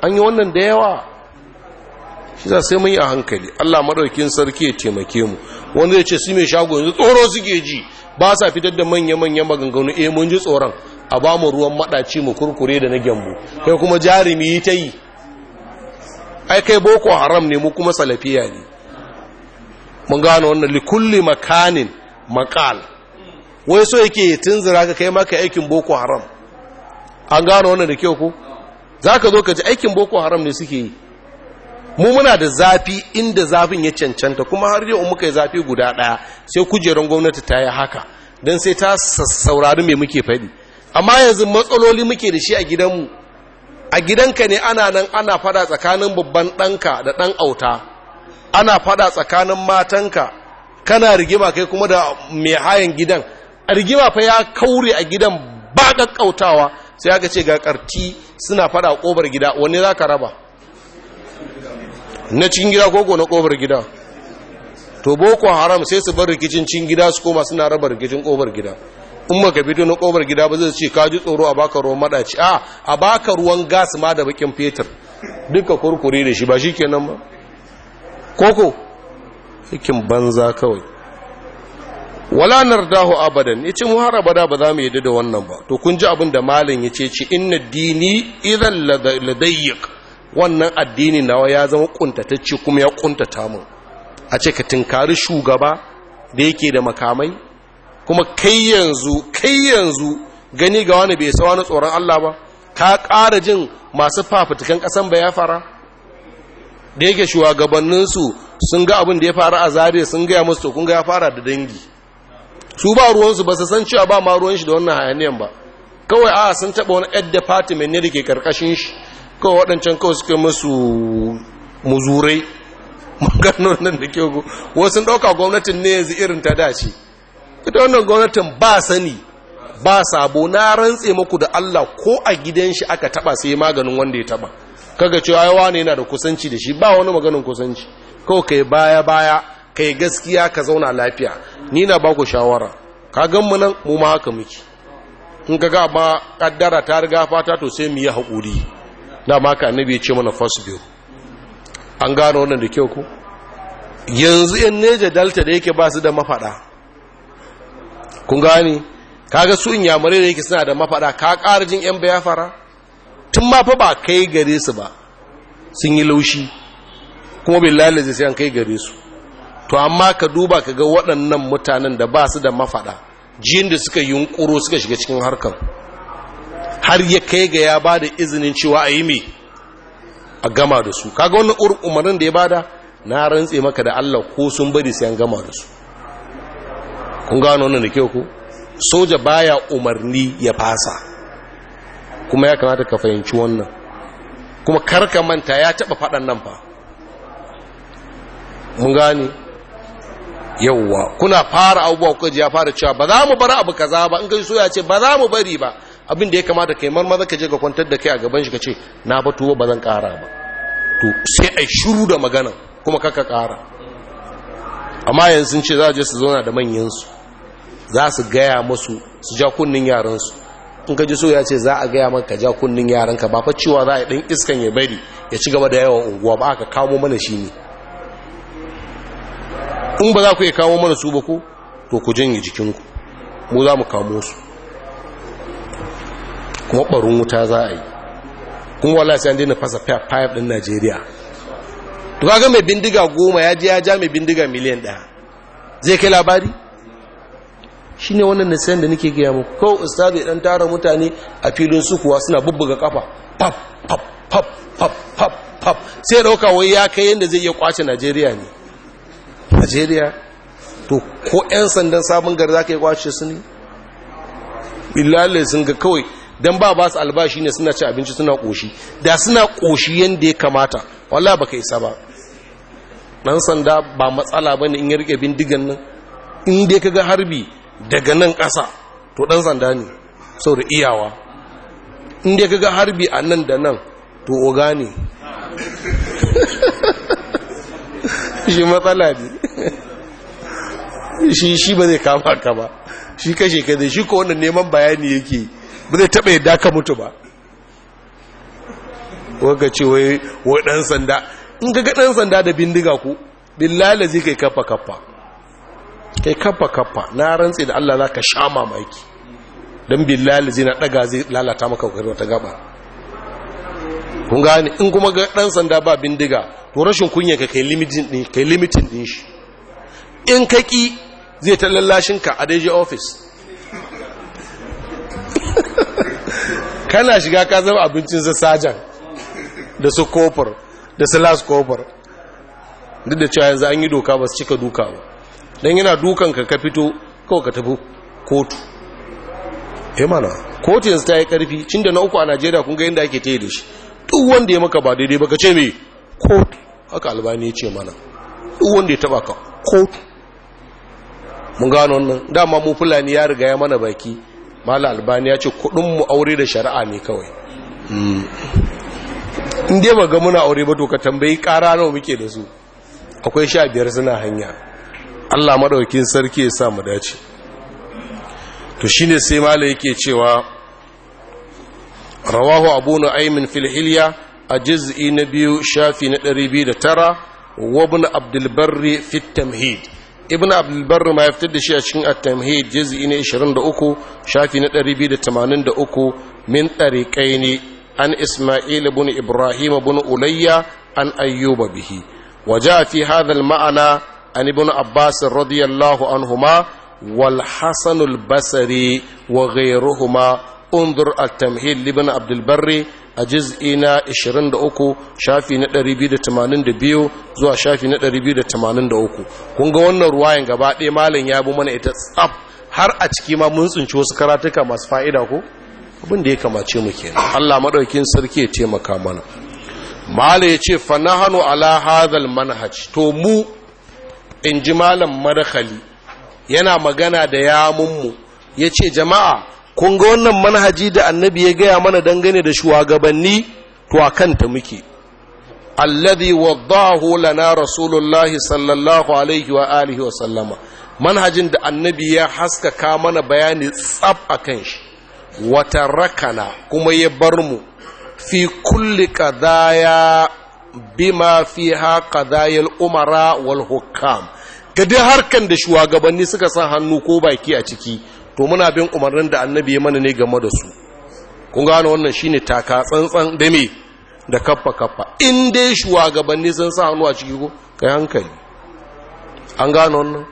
an yi wannan da yawa shi za sai mun yi a hankali allah maɗaukin sarki ya taimake mu wanda ya ce su mai shago yanzu tsoro suke ji ba sa fitar da manya-manya maganganu eh mun ji tsoron a ba mu ruwan maɗaci mu kurkure da na gyambu kai kuma jarumi ta yi ai kai boko haram ne mu kuma salafiya ne mun gano wannan likulli makanin makal wai so yake tunzira ka kai maka aikin boko haram an gano wannan da kyau ko zaka zo ka ji aikin boko haram ne suke yi mu muna da zafi inda zafin ya cancanta kuma har yau muka yi zafi guda ɗaya sai kujerar gwamnati ta yi haka dan sai ta saurari me muke fadi amma yanzu matsaloli muke da shi a gidanmu a gidanka ne ana nan ana fada tsakanin babban ɗanka da ɗan auta ana fada tsakanin matanka kana rigima kai kuma da mai hayan gidan a rigima fa ya kaure a gidan ba ƙaƙƙautawa sai aka ce ga ƙarti suna fada ƙobar gida wani za ka raba na cikin gida koko na ƙobar gida to boko haram sai su bar rikicin cikin gida su koma suna raba rikicin ƙobar gida in maka fito na ƙofar gida ba zai ce ka ji tsoro a baka ruwan maɗaci a a baka ruwan gas ma da bakin fetur duka kurkure da shi ba shi kenan ba koko hikin banza kawai wala nardahu abadan yace mu har abada ba za mu yi da wannan ba to kun ji abin da malam yace ce inna dini idan ladayyiq wannan addini nawa ya zama kuntatacce kuma ya kuntata mu a ce ka tinkari shugaba da yake da makamai kuma kai yanzu kai yanzu gani ga wani bai sawa na tsoron Allah ba ka ƙara jin masu fafutukan ƙasan ba ya fara da yake shugabanninsu sun ga abin da ya fara a zabe sun gaya musu to kun ga ya fara da dangi su ba ruwansu ba su san cewa ba ma ruwan shi da wannan hayaniyan ba kawai a sun taɓa wani ed department ne da ke karkashin shi kawai waɗancan kawai suke musu muzurai maganar nan da ke wasu ɗauka gwamnatin ne yanzu irin ta dace ita wannan gwamnatin ba sani ba sabo na rantse maku da Allah ko a gidan shi aka taba sai maganin wanda ya taba kaga cewa yawa ne yana da kusanci da shi ba wani maganin kusanci ko kai baya baya kai gaskiya ka zauna lafiya ni na ba ku shawara ka gan mu nan mu ma haka muke in ka ga ma kaddara ta riga fata to sai mu yi hakuri da ma ka annabi ya ce mana view an gano wannan da kyau ko yanzu in neja dalta da yake ba su da mafada kun gane kaga su in da yake suna da mafaɗa ka ƙara jin yan bayafara tun ma fa ba kai gare su ba sun yi laushi kuma billahi zai sai an kai gare su to amma ka duba ka ga waɗannan mutanen da ba su da mafaɗa jin da suka yunƙuro suka shiga cikin harkar har ya kai ga ya ba da izinin cewa a yi me a gama da su kaga wannan umarnin da ya bada na rantse maka da Allah ko sun bari sai an gama da su kun gano wannan da kyau ku soja baya umarni ya fasa kuma ya kamata ka fahimci wannan kuma karka manta ya taba faɗan nan fa mun gane Yawwa. kuna fara abubuwa kuka ji ya fara cewa ba za mu bar abu kaza ba in kai so ya ce ba za mu bari ba abin da ya kamata kai marmaza ka je ka kwantar da kai a gaban shi ka ce na tuwa ba zan kara ba to sai ai shiru da magana kuma kaka kara amma yanzu ce za a je su zauna da manyan su za su gaya musu su ja kunnin yaransu in ka ji so ya ce za a gaya maka ja kunnin yaranka ba fa cewa za a ɗin iskan ya bari ya ci gaba da yawan unguwa ba aka kamo mana shi ne in ba za ku iya kamo mana su ba ku to ku janye jikinku mu za mu kamo su kuma ɓarin wuta za a yi kuma wala sai an daina fasa fayaf ɗin najeriya to kaga mai bindiga goma ya je ya ja mai bindiga miliyan ɗaya zai kai labari shine wannan nasiyan da nake gaya muku kawai ustazi dan tara mutane a filin su kuwa suna bubbuga kafa pap pap pap pap pap sai dauka wai ya kai yanda zai iya kwace Najeriya ne Najeriya to ko yan sandan sabon gari zaka yi kwace su ne billahi sun ga kawai dan ba ba su albashi ne suna ci abinci suna koshi da suna koshi yanda ya kamata wallahi baka isa ba dan sanda ba matsala bane in ya bindigan nan in dai kaga harbi daga nan ƙasa to ɗan sanda ne sau da iyawa inda ka ga harbi a nan da nan to oga ne shi matsala ne shi shi ba zai kama ka ba shi kashe ka zai shi ko wanda neman bayani yake ba zai taɓa yadda ka mutu ba waka ce wai ɗan sanda in ga ɗan sanda da bindiga ku billala zai kai kafa kafa yi kafa kafa na rantsi da Allah ka sha mamaki dan billahi zai na daga zai lalata maka kokari wata gaba kun gani in kuma ga dan sanda ba bindiga to rashin kunya ka kai limitin din kai limitin din shi in ka ƙi zai ta lallashin ka a daji office kana shiga ka zama abincin sa sajan da su kofar da su las kofar duk da cewa yanzu an yi doka ba su cika duka ba don yana dukanka ka fito kawai ka tafi kotu eh mana kotu yanzu ta yi karfi cin da na uku a najeriya kun ga yadda ake ta yi da shi duk wanda ya maka ba daidai baka ce mai kotu haka albani ya ce mana duk wanda ya taba ka kotu mun gano wannan dama mu fulani ya riga ya mana baki mala albani ya ce kudin mu aure da shari'a ne kawai hmm. in dai ba ga muna aure ba to ka tambayi kara nawa muke da su akwai sha biyar suna hanya Allah maɗaukin sarki ya sa mu dace to shine sai mala yake cewa rawahu abu nu'aymin fil hilya a jiz'i na biyu shafi na 209 wa ibn abdul barri fi tamhid ibn abdulbarri ma ya fitar da shi a cikin at-tamhid juz'i na 23 shafi na ɗari biyu da uku min ne. an isma'il ibn ibrahim ibn ulayya an ayyuba bihi وجاء fi hadal ma'ana. an ibn abbas radiyallahu anhuma wal hasan al basri wa ghayruhuma unzur at tamhid li ibn abd al barri a juz'i na 23 shafi na 282 zuwa shafi na 283 kun ga wannan ruwayan gaba ɗaya malam ya bi mana ita tsaf har a ciki ma mun tsinci wasu karatuka masu fa'ida ko abin da ya kamace mu kenan Allah madaukin sarki ya taimaka mana ya yace fa nahanu ala hadhal manhaj to mu in ji malam marhali yana magana da yamunmu ya ce jama'a kun ga wannan manhaji da annabi ya gaya mana dangane da shugabanni to a kanta muke alladhi waddahu lana rasulullahi sallallahu alaihi wa alihi wa sallama manhajin da annabi ya haskaka mana bayani tsab a shi wata rakana kuma ya bar mu fi kulli qadaya bima fiha qadayil umara wal hukam ga dai harkan da shugabanni suka San hannu ko baki a ciki to muna bin umarnin da annabi ya mana ne game da su kun gano wannan shine taka tsantsan da me da kaffa kaffa in dai shugabanni sun San hannu a ciki ko kai hankali an gano wannan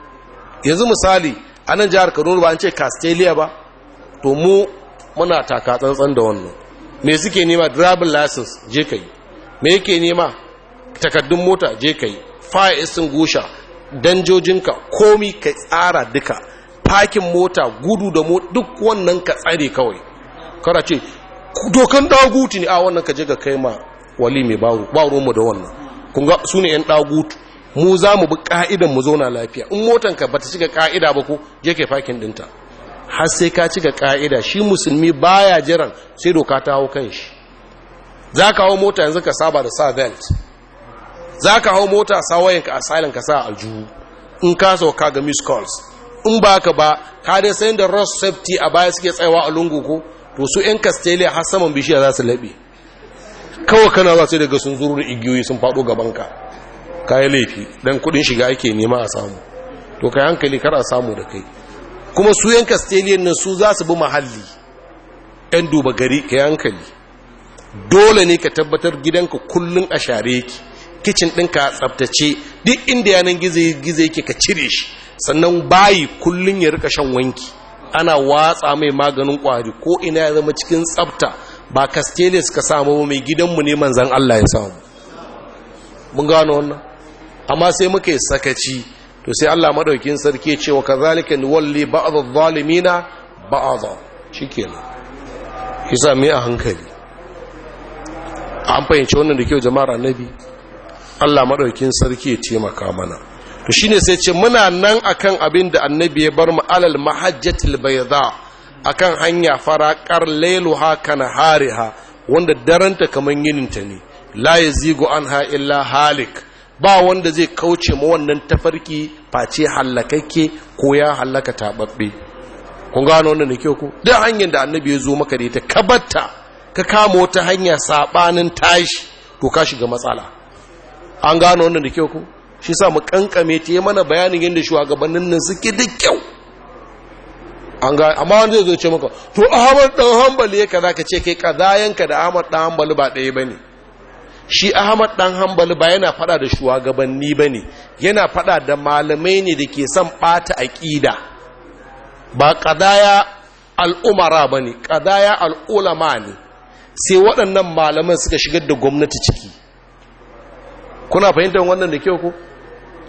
yanzu misali a nan jihar Kaduna ba an ce Castelia ba to mu muna taka tsantsan da wannan me suke nema driving license je kai me yake nema takaddun mota je kai yi sun gusha danjojinka komi ka tsara duka fakin mota gudu da mota duk wannan ka tsare kawai kara ce dokan dagutu ne a wannan ka je ka kai ma wali mai ba mu da wannan su ne 'yan dagutu mu za mu bi ka'idan mu zauna lafiya in motanka ba ta cika ka'ida ba ko je kai fakin dinta har sai ka cika ka'ida shi musulmi baya jiran sai doka ta hau kan shi za ka hau mota yanzu ka saba da sa vent za ka hau mota ka a silent ka sa aljihu in ka ka ga miss calls in ba ka ba ka dai sayin da rust safety a baya suke tsayawa a lungu ko to su yan castelia har saman bishiya za su laɓe kawai kana za su daga sun zuru da igiyoyi sun faɗo gabanka ka yi laifi don kuɗin shiga ake nema a samu to ka hankali kar a samu da kai kuma su yan castelia nan su za su bi mahalli yan duba gari ka hankali dole ne ka tabbatar gidanka kullum a share yake. kicin ɗinka a tsabtace duk inda yanar gizo yake ka cire shi sannan bayi kullum ya rika shan wanki ana watsa mai maganin ƙwari ko ina ya zama cikin tsabta ba kastelis ka samu mai gidanmu ne manzan Allah ya samu mun gano wannan amma sai muka yi sakaci to sai Allah madaukin sarki cewa kazalika walli ba'd adh-dhalimina ba'd shikenan yasa mai a hankali an fahimci wannan da kyau jama'ar annabi Allah maɗaukin sarki ya taimaka mana to ne sai ce muna nan akan abin da annabi ya bar mu alal mahajjatil bayda akan hanya farakar lailuha kana hariha wanda daranta kaman yininta ne la yazigu anha illa halik ba wanda zai kauce ma wannan tafarki face hallakakke ko ya hallaka tababbe kun gano wannan da kyau hanyar da annabi ya zo maka da ita kabatta ka kama wata hanya saɓanin tashi to ka shiga matsala an gano wannan da kyau ku shi sa mu kankame ta yi mana bayanin yadda shugabannin nan suke da kyau an ga amma wani zai zoce maka to ahmad dan hanbali ka ce kai kazayanka da ahmad dan hanbali ba ɗaya bane shi ahmad ɗan hanbali ba yana fada da shugabanni bane yana fada da malamai ne da ke son bata aqida ba qadaya al-umara bane qadaya al-ulama ne sai waɗannan malaman suka shigar da gwamnati ciki kuna fahimtar wannan da kyau ko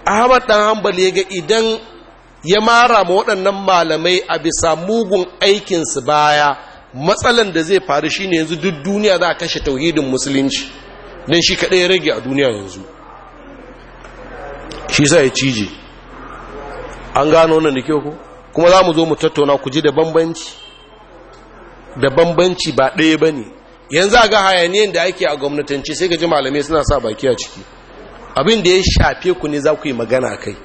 ahmad dan hanbal ya ga idan ya mara ma waɗannan malamai a bisa mugun aikinsu baya matsalan da zai faru ne yanzu duk duniya za a kashe tauhidin musulunci don shi kaɗai rage a duniya yanzu shi sa ya cije an gano wannan da kyau ko kuma za mu zo mu tattauna ku ji da bambanci ba ɗaya ba ne yanzu a ga hayaniyan da ake a gwamnatanci sai ka ji malamai suna sa baki a ciki abin da ya shafe ku ne za ku yi magana kai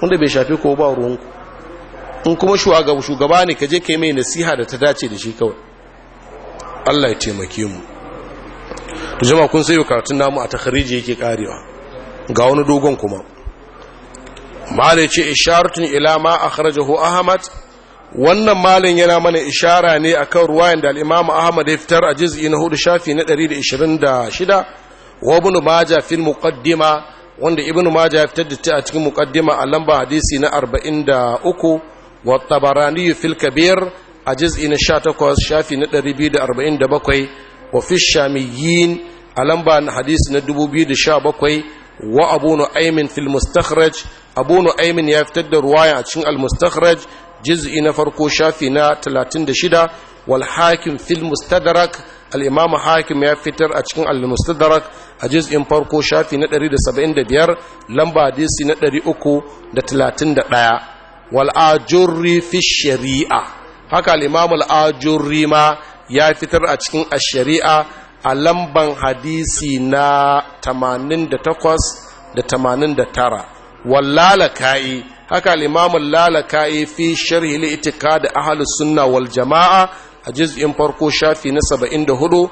wanda bai shafe ku ba ruwanku in kuma shugaba ne ka je ka yi mai nasiha da ta dace da shi kawai allah ya taimake mu da jama kun sai karatun namu a takhariji yake karewa ga wani dogon kuma ma da ce isharatun ila ma akhrajahu ahmad wannan malin yana mana ishara ne a kan ruwayan da al-Imam Ahmad ya fitar a juz'i na hudu shafi na 126 wa Ibn Majah fil muqaddima wanda Ibn Maja ya fitar da ta a cikin muqaddima a lamba hadisi na 43 wa Tabarani fil Kabir a juz'i na 18 shafi na 247 wa fi Shamiyyin a lamba hadisi na 2017 wa Abu Nu'aym fil Mustakhraj Abu Nu'aym ya fitar da ruwaya a cikin al-Mustakhraj juz'i na farko shafi na 36 wal hakim fil mustadrak al imam hakim ya fitar a cikin al mustadrak a juz'in farko shafi na 175 lamba hadisi na 331 wal ajurri fi shari'a haka al imam al ajurri ma ya fitar a cikin ash-shari'a a lamban hadisi na 88 da 89 wallala ka'i haka limamin lalaka'i fi sharhi li da ahlus sunna wal jama'a a juz'in farko shafi na 74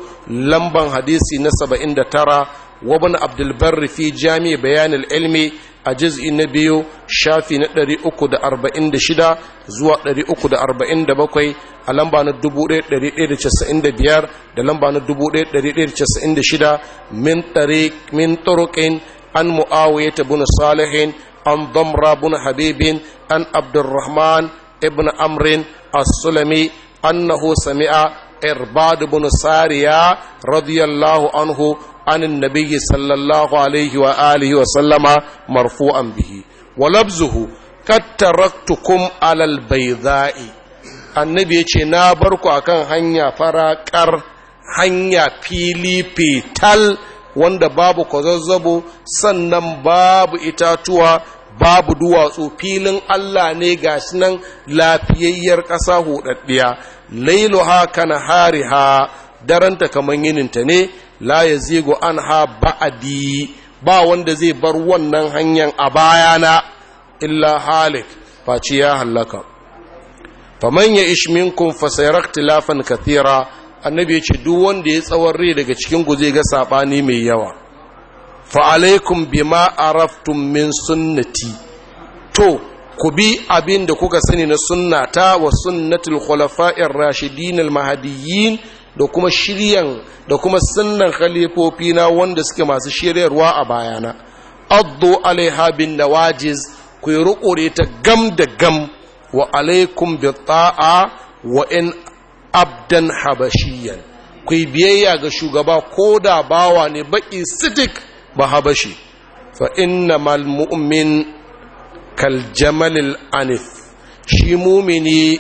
lamban hadisi na 79 wa ibn abdul fi jami' bayan ilmi a juz'i na biyu shafi na 346 zuwa 347 a lamba na 1195 da lamba na 1196 min tariq min an muawiyah buna salihin an damra bin habibin an abdurrahman ibn amrin as-sulami annahu sami'a irbad bin sariya radiyallahu anhu an annabi sallallahu alaihi wa alihi wa sallama marfu'an bihi wa labzuhu kattaraktukum alal baydai annabi ya ce na barku akan hanya farakar hanya fili fital. wanda babu kwazazzabo sannan babu itatuwa babu duwatsu filin Allah ne shi nan lafiyayyar ƙasa huɗaɗɗiya lailuha kana hariha daranta kamar yininta ne la ya zigo an ha ba'adi ba wanda zai bar wannan hanyar a bayana illa halik face ya hallaka faman ya ishminkum fa sayara katira. annabi ya ce duk wanda ya tsawon rai daga cikin ku zai ga sabani mai yawa fa ma bima raftun min sunnati to ku bi abin da kuka sani na sunnata wa sunnatul khulafa'ir rashidin al mahadiyyin da kuma shiryan da kuma sunnan khalifofi na wanda suke masu shiryarwa a bayana addu alaiha bin nawajiz ku yi rukure ta gam da gam wa alaikum bi ta'a wa in abdan habashiyan ku yi biyayya ga shugaba ko da bawa ne baki sidik ba habashi fa inna mal mu'min kal jamalil anif shi mumini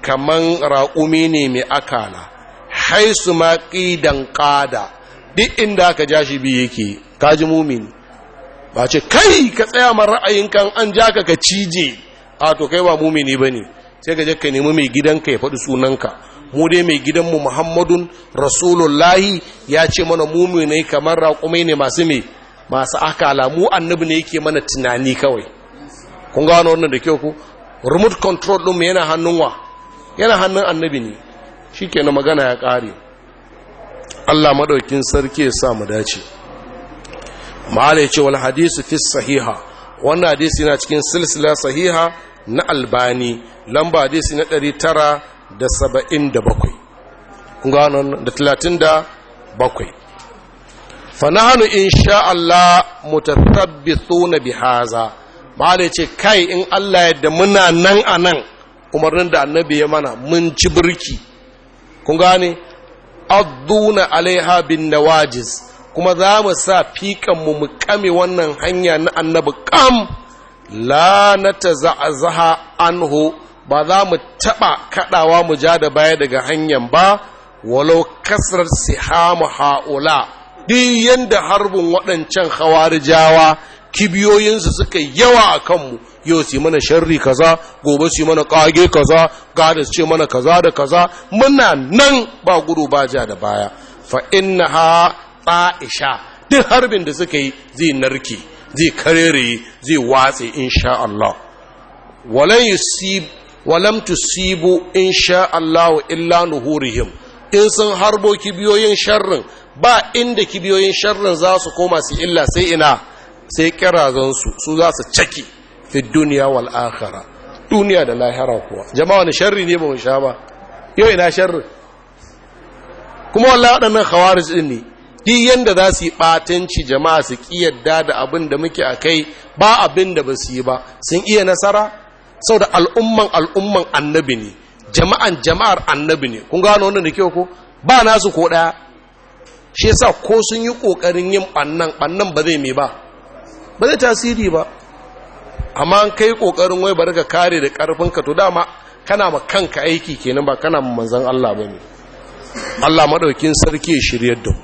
kaman raƙumi ne mai akala haisu ma ƙidan ƙada duk inda aka ja shi biyu yake kaji mumini ba ce kai ka tsaya ma ra'ayin kan an ja ka ka cije a to kai ba mumini ba ne sai ka je ka nemi mai gidanka ya faɗi sunanka mu dai mai mu muhammadun rasulullahi ya ce mana muminai kamar raƙumai ne masu me masu akala mu annabi ne yake mana tunani kawai kun gano wannan da kyau ku remote control ɗinmu yana hannun wa yana hannun annabi ne shi na magana ya ƙare allah maɗaukin sarki ya sa mu dace ma'ala ya ce wal hadisu fi sahiha wannan hadisi yana cikin silsila sahiha na albani lamba hadisi na ɗari tara da saba'in da bakwai ƙunganon da talatin da bakwai fanahanu in sha Allah mutattabbitu na bihaza ba da ce kai in Allah yadda muna nan a nan umarnin da annabi ya mana mun ci birki kun gane adduna alaiha bin nawajis kuma za mu sa fikan mu mu kame wannan hanya na annabi kam la na ta za'azaha anhu ba za mu taɓa kaɗawa mu ja da baya daga hanyar ba walau kasar sihamu ha'ula duk yadda harbin waɗancan hawarijawa kibiyoyinsu suka yawa a kanmu yau su mana sharri kaza gobe su mana kage kaza gada su ce mana kaza da kaza muna nan ba gudu ba ja da baya fa inna ha ta'isha duk harbin da suka yi zai narke zai karere zai watse insha Allah walan yusib walam tusibu insha Allah illa nuhurihim in sun harbo kibiyoyin sharrin ba inda kibiyoyin sharrin za su koma su illa sai ina sai kirazan su su za su caki fi duniya wal akhirah duniya da lahira kuwa jama'a ne sharri ne ba mun sha ba yau ina sharri kuma wallahi waɗannan khawarij din ne duk yanda za su yi jama'a su ƙi da abin da muke a kai ba abin da ba su yi ba sun iya nasara sau da al'umman al'umman annabi ne jama'an jama'ar annabi ne kun gano wannan da kyau ko ba nasu ko ɗaya shi yasa ko sun yi ƙoƙarin yin ɓannan ɓannan ba zai mai ba ba zai tasiri ba amma an kai ƙoƙarin wai bari ka kare da ka to dama kana ma kanka aiki kenan ba kana ma manzan Allah ba Allah maɗaukin sarki ya shiryar da mu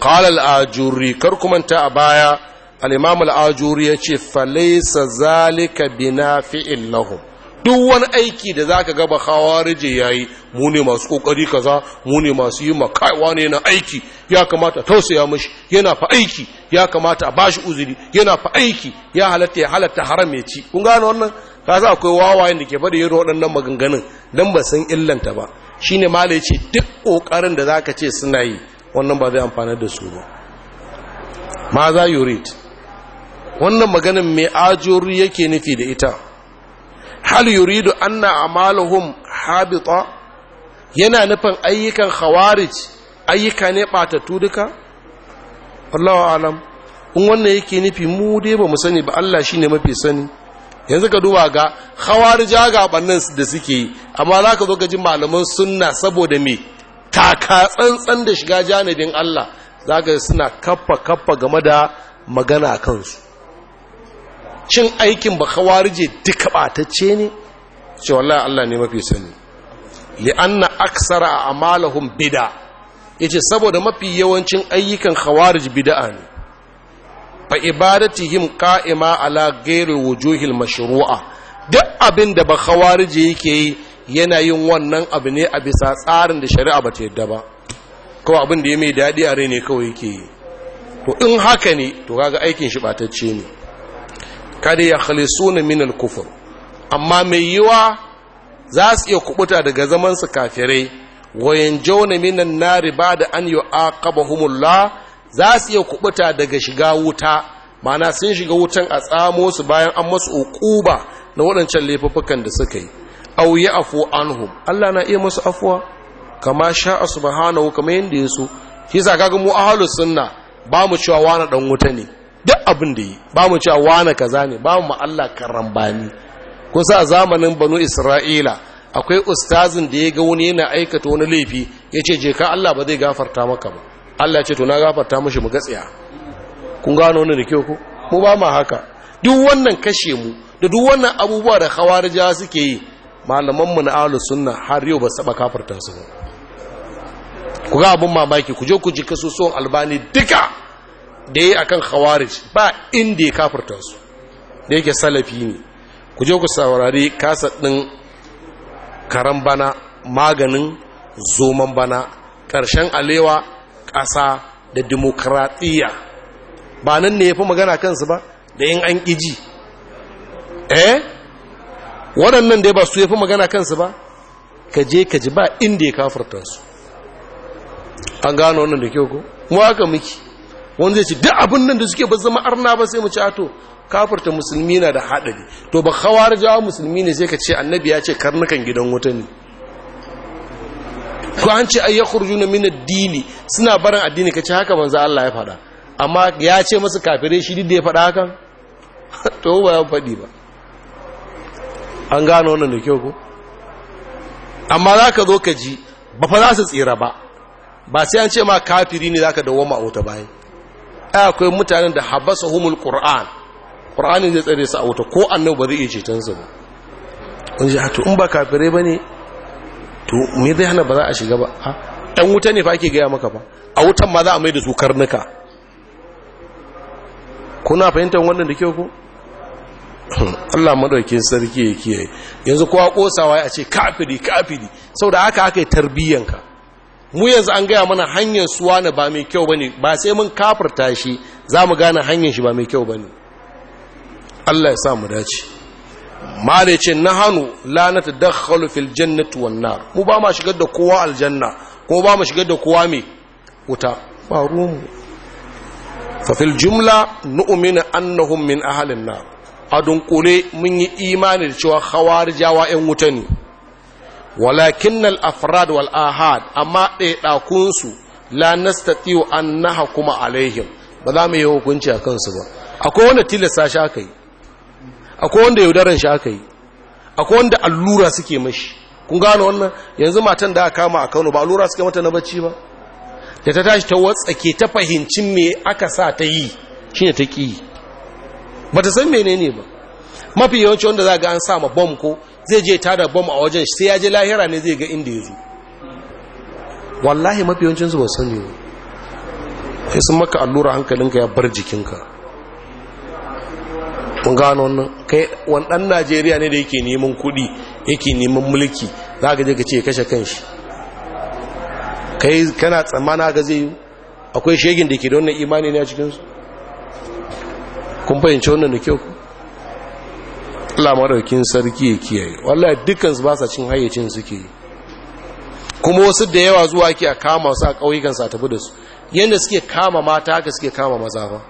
qala al manta kar kumanta a baya al-imam ya ce, yace falaysa zalika binafi'in lahum duk wani aiki da zaka ga ba khawarije yayi mu ne masu kokari kaza mu ne masu yi makaiwa ne na aiki ya kamata tausaya mishi yana fa aiki ya kamata a bashi uzuri yana fa aiki ya halatta ya halatta haram ya ci kun gane wannan ka za akwai wawayen da ke bada yin waɗannan maganganun dan ba san illanta ba shine mala yace duk kokarin da zaka ce suna yi wannan ba zai amfana da su ba ma za yurid wannan maganin mai ajuri yake nufi da ita hal yuridu anna amaluhum habita yana nufin ayyukan khawarij ayyuka ne batattu duka wallahu alam in wannan yake nufi mu dai ba mu sani ba Allah shi ne mafi sani yanzu ka duba ga khawarija ga bannan da suke yi amma za ka zo ga ji malaman sunna saboda mai taka tsantsan da shiga janibin Allah za ka suna kaffa kaffa game da magana kansu Cin aikin ba kawarije duka batacce ne ce wallahi Allah ne mafi sani li'anna aksara a amalahum bid'a yace saboda mafi yawancin ayyukan khawarij bid'a ne fa ibadatihim ka'ima ala ghairi wujuhil mashru'a duk abinda da ba khawarije yake yi yana yin wannan abu ne a bisa tsarin da shari'a ba ta yadda ba kawai abin da ya mai daɗi a rai ne kawai yake yi to in haka ne to kaga aikin shi batacce ne kada ya khalisuna min al-kufr amma mai yiwa za su iya kubuta daga zaman su kafirai wayan jauna minan nari bada an yu'aqabahumullah za su iya kubuta daga shiga wuta mana sun shiga wutan a tsamo su bayan an masu uquba na waɗancan laifukan da suka yi aw ya'fu anhum Allah na iya masu afwa kama sha'a subhanahu kama yanda yaso shi sa kaga mu ahlus sunna ba mu cewa wani dan wuta ne duk abin da yi ba mu cewa wane kaza ne ba mu Allah karambani kusa a zamanin banu isra'ila akwai ustazin da ya ga wani yana aikata wani laifi ya ce je ka Allah ba zai gafarta maka ba Allah ce to na gafarta mashi mu gatsiya kun gano wani da kyau ko mu ba ma haka duk wannan kashe mu da duk wannan abubuwa da khawarija suke yi malaman mu na ahlus sunna har yau ba saba kafarta su ba ku ga abun mamaki ku je ku ji kasusuwan albani duka da ya yi a kan khawarij ba inda ya kafirta su da yake salafi ne ku je ku saurari kasa ɗin karan bana maganin zoman bana ƙarshen alewa ƙasa da demokratiya ba nan ne ya fi magana kansu ba da yin an ƙiji eh waɗannan da ba su ya fi magana kansu ba ka je ka ji ba inda ya kafirta su an gano wannan da kyau ko mu haka miki wani zai ce duk abin nan da suke ba zama arna ba sai mu ci ato kafirta musulmi na da haɗari to ba kawar jawa musulmi ne sai ka ce annabi ya ce karnukan gidan wuta ne ko an ce ayyar kurju na minar dili suna barin addini ka ce haka manzo Allah ya faɗa amma ya ce masu kafirai shi da ya faɗa hakan to ba ya faɗi ba an gano wannan da kyau ko amma za ka zo ka ji ba fa za su tsira ba ba sai an ce ma kafiri ne za ka dawo ma'auta bayan akwai mutanen da habasa humul ƙura'an ƙura'anin zai tsare su a wuta ko annabu ba zai iya ceton su ba wani ji hatu ah, in ba kafirai ba ne to me zai hana ba za a shiga ba ɗan ah, wuta ne fa ake gaya maka ba a wutan ma za a mai da su karnuka kuna fahimtar wannan da kyau ko Allah madaukin sarki ya kiyaye yanzu kowa kosawa ya ce kafiri kafiri saboda haka aka yi tarbiyyanka mu yanzu an gaya mana hanyar suwa na ba mai kyau bane ba sai mun kafarta shi za mu gane hanyar shi ba mai kyau bane Allah ya sa mu dace da ce na hannu lanata fil jannati wan wannan mu ba ma shigar da kowa aljanna ko ba ma shigar da kowa me wuta ba ruwan fa fil jumla nu'minu min ahalin na a dunkule mun yi imani da cewa jawa 'yan wuta ne walakin al-afrad wal ahad amma ɗaiɗakunsu la nastati'u an naha kuma alaihim ba za mu yi hukunci a kansu ba akwai wanda tilasta shi aka yi akwai wanda yaudaran shi aka yi akwai wanda allura suke mashi kun gano wannan yanzu matan da aka kama a Kano ba allura suke mata na bacci ba da ta tashi ta watsake ta fahimcin me aka sa ta yi shine ta ki ba ta san menene ba mafi yawanci wanda za ga an sa ma bom ko zai je tada bom a wajen sai ya je lahira ne zai ga inda ya zo wallahi mafi yawancin su ba sani ne sai sun maka allura hankalinka ya bar jikinka Mun gano wannan kai wannan Najeriya ne da yake neman kuɗi yake neman mulki za ka je ka ce ya kashe kanshi kai kana tsammana ga zai yi akwai shegin da ke da wannan imani ne a cikinsu kun fahimci wannan da kyau Allah sarki ya kiyaye wallahi dukkan su ba sa cin hayyacin suke kuma wasu da yawa zuwa ke a kama su a ƙauyukansu sa tafi da su yadda suke kama mata haka suke kama maza ba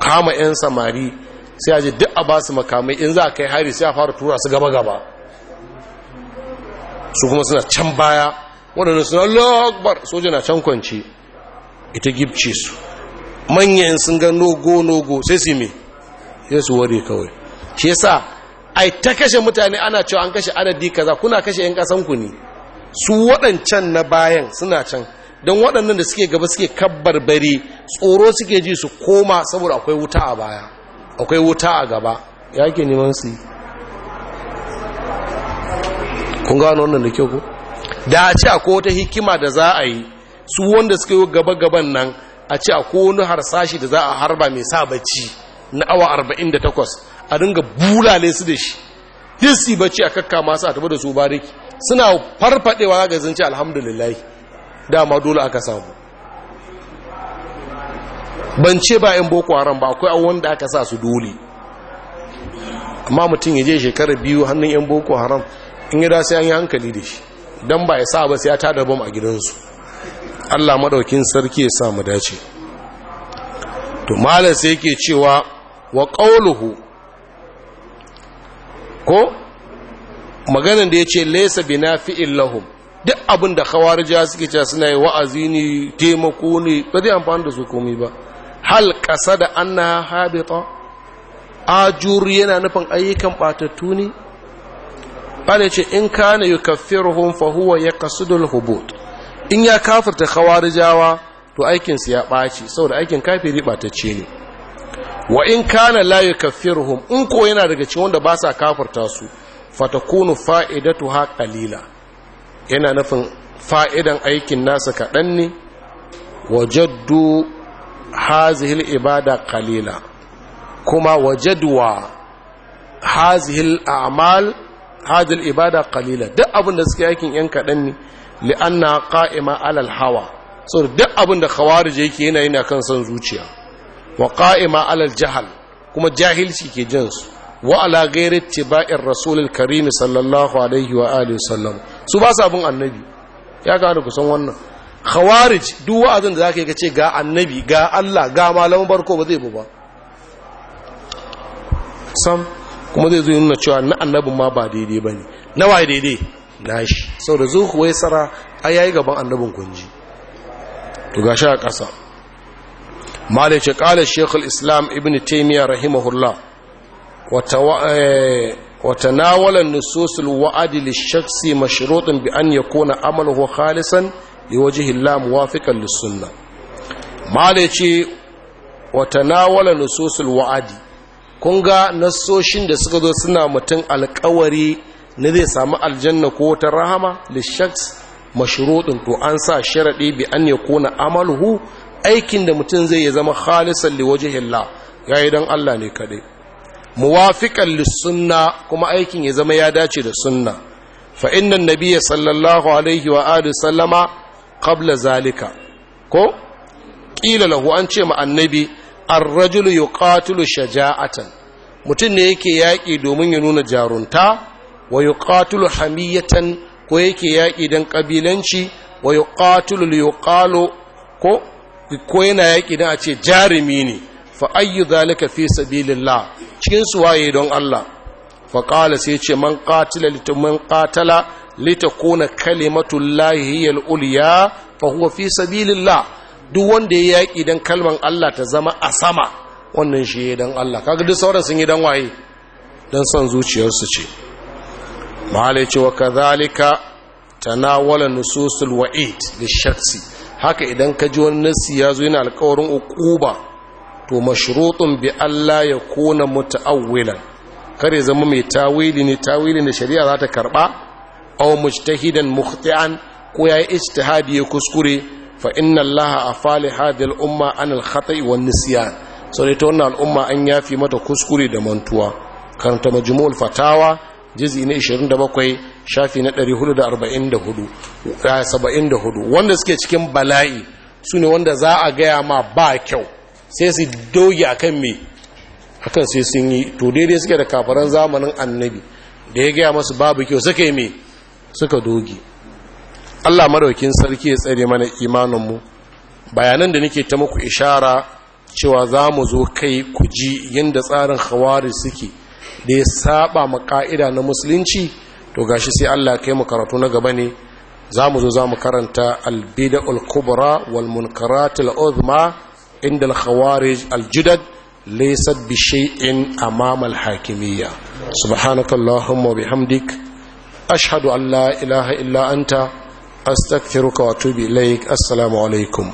kama 'yan samari sai a ji duk a ba su makamai in za a kai hari sai a fara tura su gaba gaba su kuma suna can baya waɗanda suna lagbar soja na can kwanci ita gibce su manyan sun ga nogo nogo sai su yi sai su ware kawai ke sa. ai ta kashe mutane ana cewa an kashe adadi kaza kuna kashe yan kasan ku ne su waɗancan na bayan suna can don waɗannan da suke gaba suke kabbarbari tsoro suke ji su koma saboda akwai wuta a baya akwai wuta a gaba ya ke neman su kun gano wannan da kyau ku da a ce akwai wata hikima da za a yi su wanda suke yi gaba-gaban nan a ce akwai wani harsashi da za a harba mai sa bacci na awa 48 a dinga bulale su da shi disi bacci a kakka masu a taba da su bariki suna farfadewa ga zance alhamdulillah dama dole aka samu ban ce ba yan boko haram ba akwai awon da aka sa su dole amma mutum ya je shekarar biyu hannun yan boko haram in yi dasu yan yi hankali da shi don ba ya sa ba sai ya tada bam a gidansu allah maɗaukin sarki ya sa mu dace to malar sai yake cewa wa ƙauluhu ko maganin da ya ce laisa bi nafi'in lahum duk abin da khawarija suke cewa suna yi wa'azi ne taimako ne ba zai amfani da su komai ba hal kasa da anna habita ajur yana nufin ayyukan batattu ne bane ce in kana yukaffiruhum fa huwa yaqsidul hubut in ya kafirta khawarijawa to aikin ya ɓaci saboda aikin kafiri batacce ne wa in kana la yukaffiruhum in ko yana daga cikin wanda ba sa kafarta su fatakunu ha qalila yana nufin fa'idan aikin nasa kaɗan ne wajaddu hazihil ibada qalila kuma wajadwa hazihil a'mal hadil ibada qalila duk abin da suke aikin yan kaɗan ne li'anna qa'ima alal hawa so duk abin da khawarij yake yana yana kan son zuciya wa ƙa’ima alal jihal kuma jahilci ke jinsu wa ala ghairi tiba'ir rasulil karimi sallallahu alaihi wa alihi wasallam su ba sabon annabi ya gada ku san wannan khawarij duk wa'azin da zaka yi kace ga annabi ga Allah ga malamin barko ba zai bu ba sam kuma zai zo nuna cewa na annabin ma ba daidai ba ne, na waye daidai nashi da zuwa kuwa ya tsara a yayi gaban annabin kunji to gashi a ƙasa malai ce ƙalar shekul islam ibn taimiyya rahimahullah wata nawalan nusosul wa'adi lishaksi mashirotun bi an ya kona khalisan yi waje hila muwafikan lissunna malai ce wata nawalan nusosul wa'adi kun ga nasoshin da suka zo suna mutum alkawari na zai samu aljanna ko ta rahama lishaks mashirotun to an sa sharaɗi bi an ya kona aikin da mutum zai ya zama khalisan liwajihillah yayi dan Allah ne kaɗai. muwafiqan lisunna kuma aikin ya zama ya dace da sunna fa inna nabiyya sallallahu alaihi wa alihi sallama qabla zalika ko ƙila lahu an ce ma annabi ar-rajulu yuqatilu shaja'atan mutum ne yake yaƙi domin ya nuna jarunta wa yuqatilu hamiyatan ko yake yaƙi dan ƙabilanci, wa yuqatilu yuqalu ko ko yana yaƙi don a ce jarumi ne fa ayyu zalika fi sabilillah cikin su waye don Allah fa qala sai ce man qatala litaman qatala litakuna llahi hiya al-ulya fa huwa fi sabilillah duk wanda ya yaƙi don kalman Allah ta zama a sama wannan shi ya don Allah kaga duk sauran sun yi don waye don son zuciyarsu ce malai ce wa kazalika tanawala nususul wa'id lishaksi haka idan ka ji wani nassi ya zo yana alkawarin ukuba to mashrutun bi Allah ya kona muta'awwilan kare zama mai tawili ne tawili ne shari'a za ta karba aw mujtahidan mukhti'an ko yayi ijtihadi ya kuskure fa inna Allah afali hadhihi umma an al-khata'i wan nisyan so dai to wannan al'umma an yafi mata kuskure da mantuwa karanta majmu'ul fatawa jizi na 27 shafi na 444 wanda suke cikin bala'i su ne wanda za a gaya ma ba kyau sai su doge a kan me akan sai sun yi to daidai suke da kafaran zamanin annabi da ya gaya masu babu kyau suka yi mai suka doge allah maraukin sarki ya tsare mana imaninmu bayanan da nake ta muku ishara cewa za mu zo kai ku ji yadda tsarin hawari suke da ya saba ma ka'ida na musulunci to gashi sai Allah kai mu karatu na gaba ne za mu zo za mu karanta albida'ul kubra wal munkaratul uzma inda al-khawarij al-judad laysat bi shay'in amama al-hakimiyya subhanakallahumma wa bihamdik ashhadu an la ilaha illa anta astaghfiruka wa atubu ilaik assalamu alaikum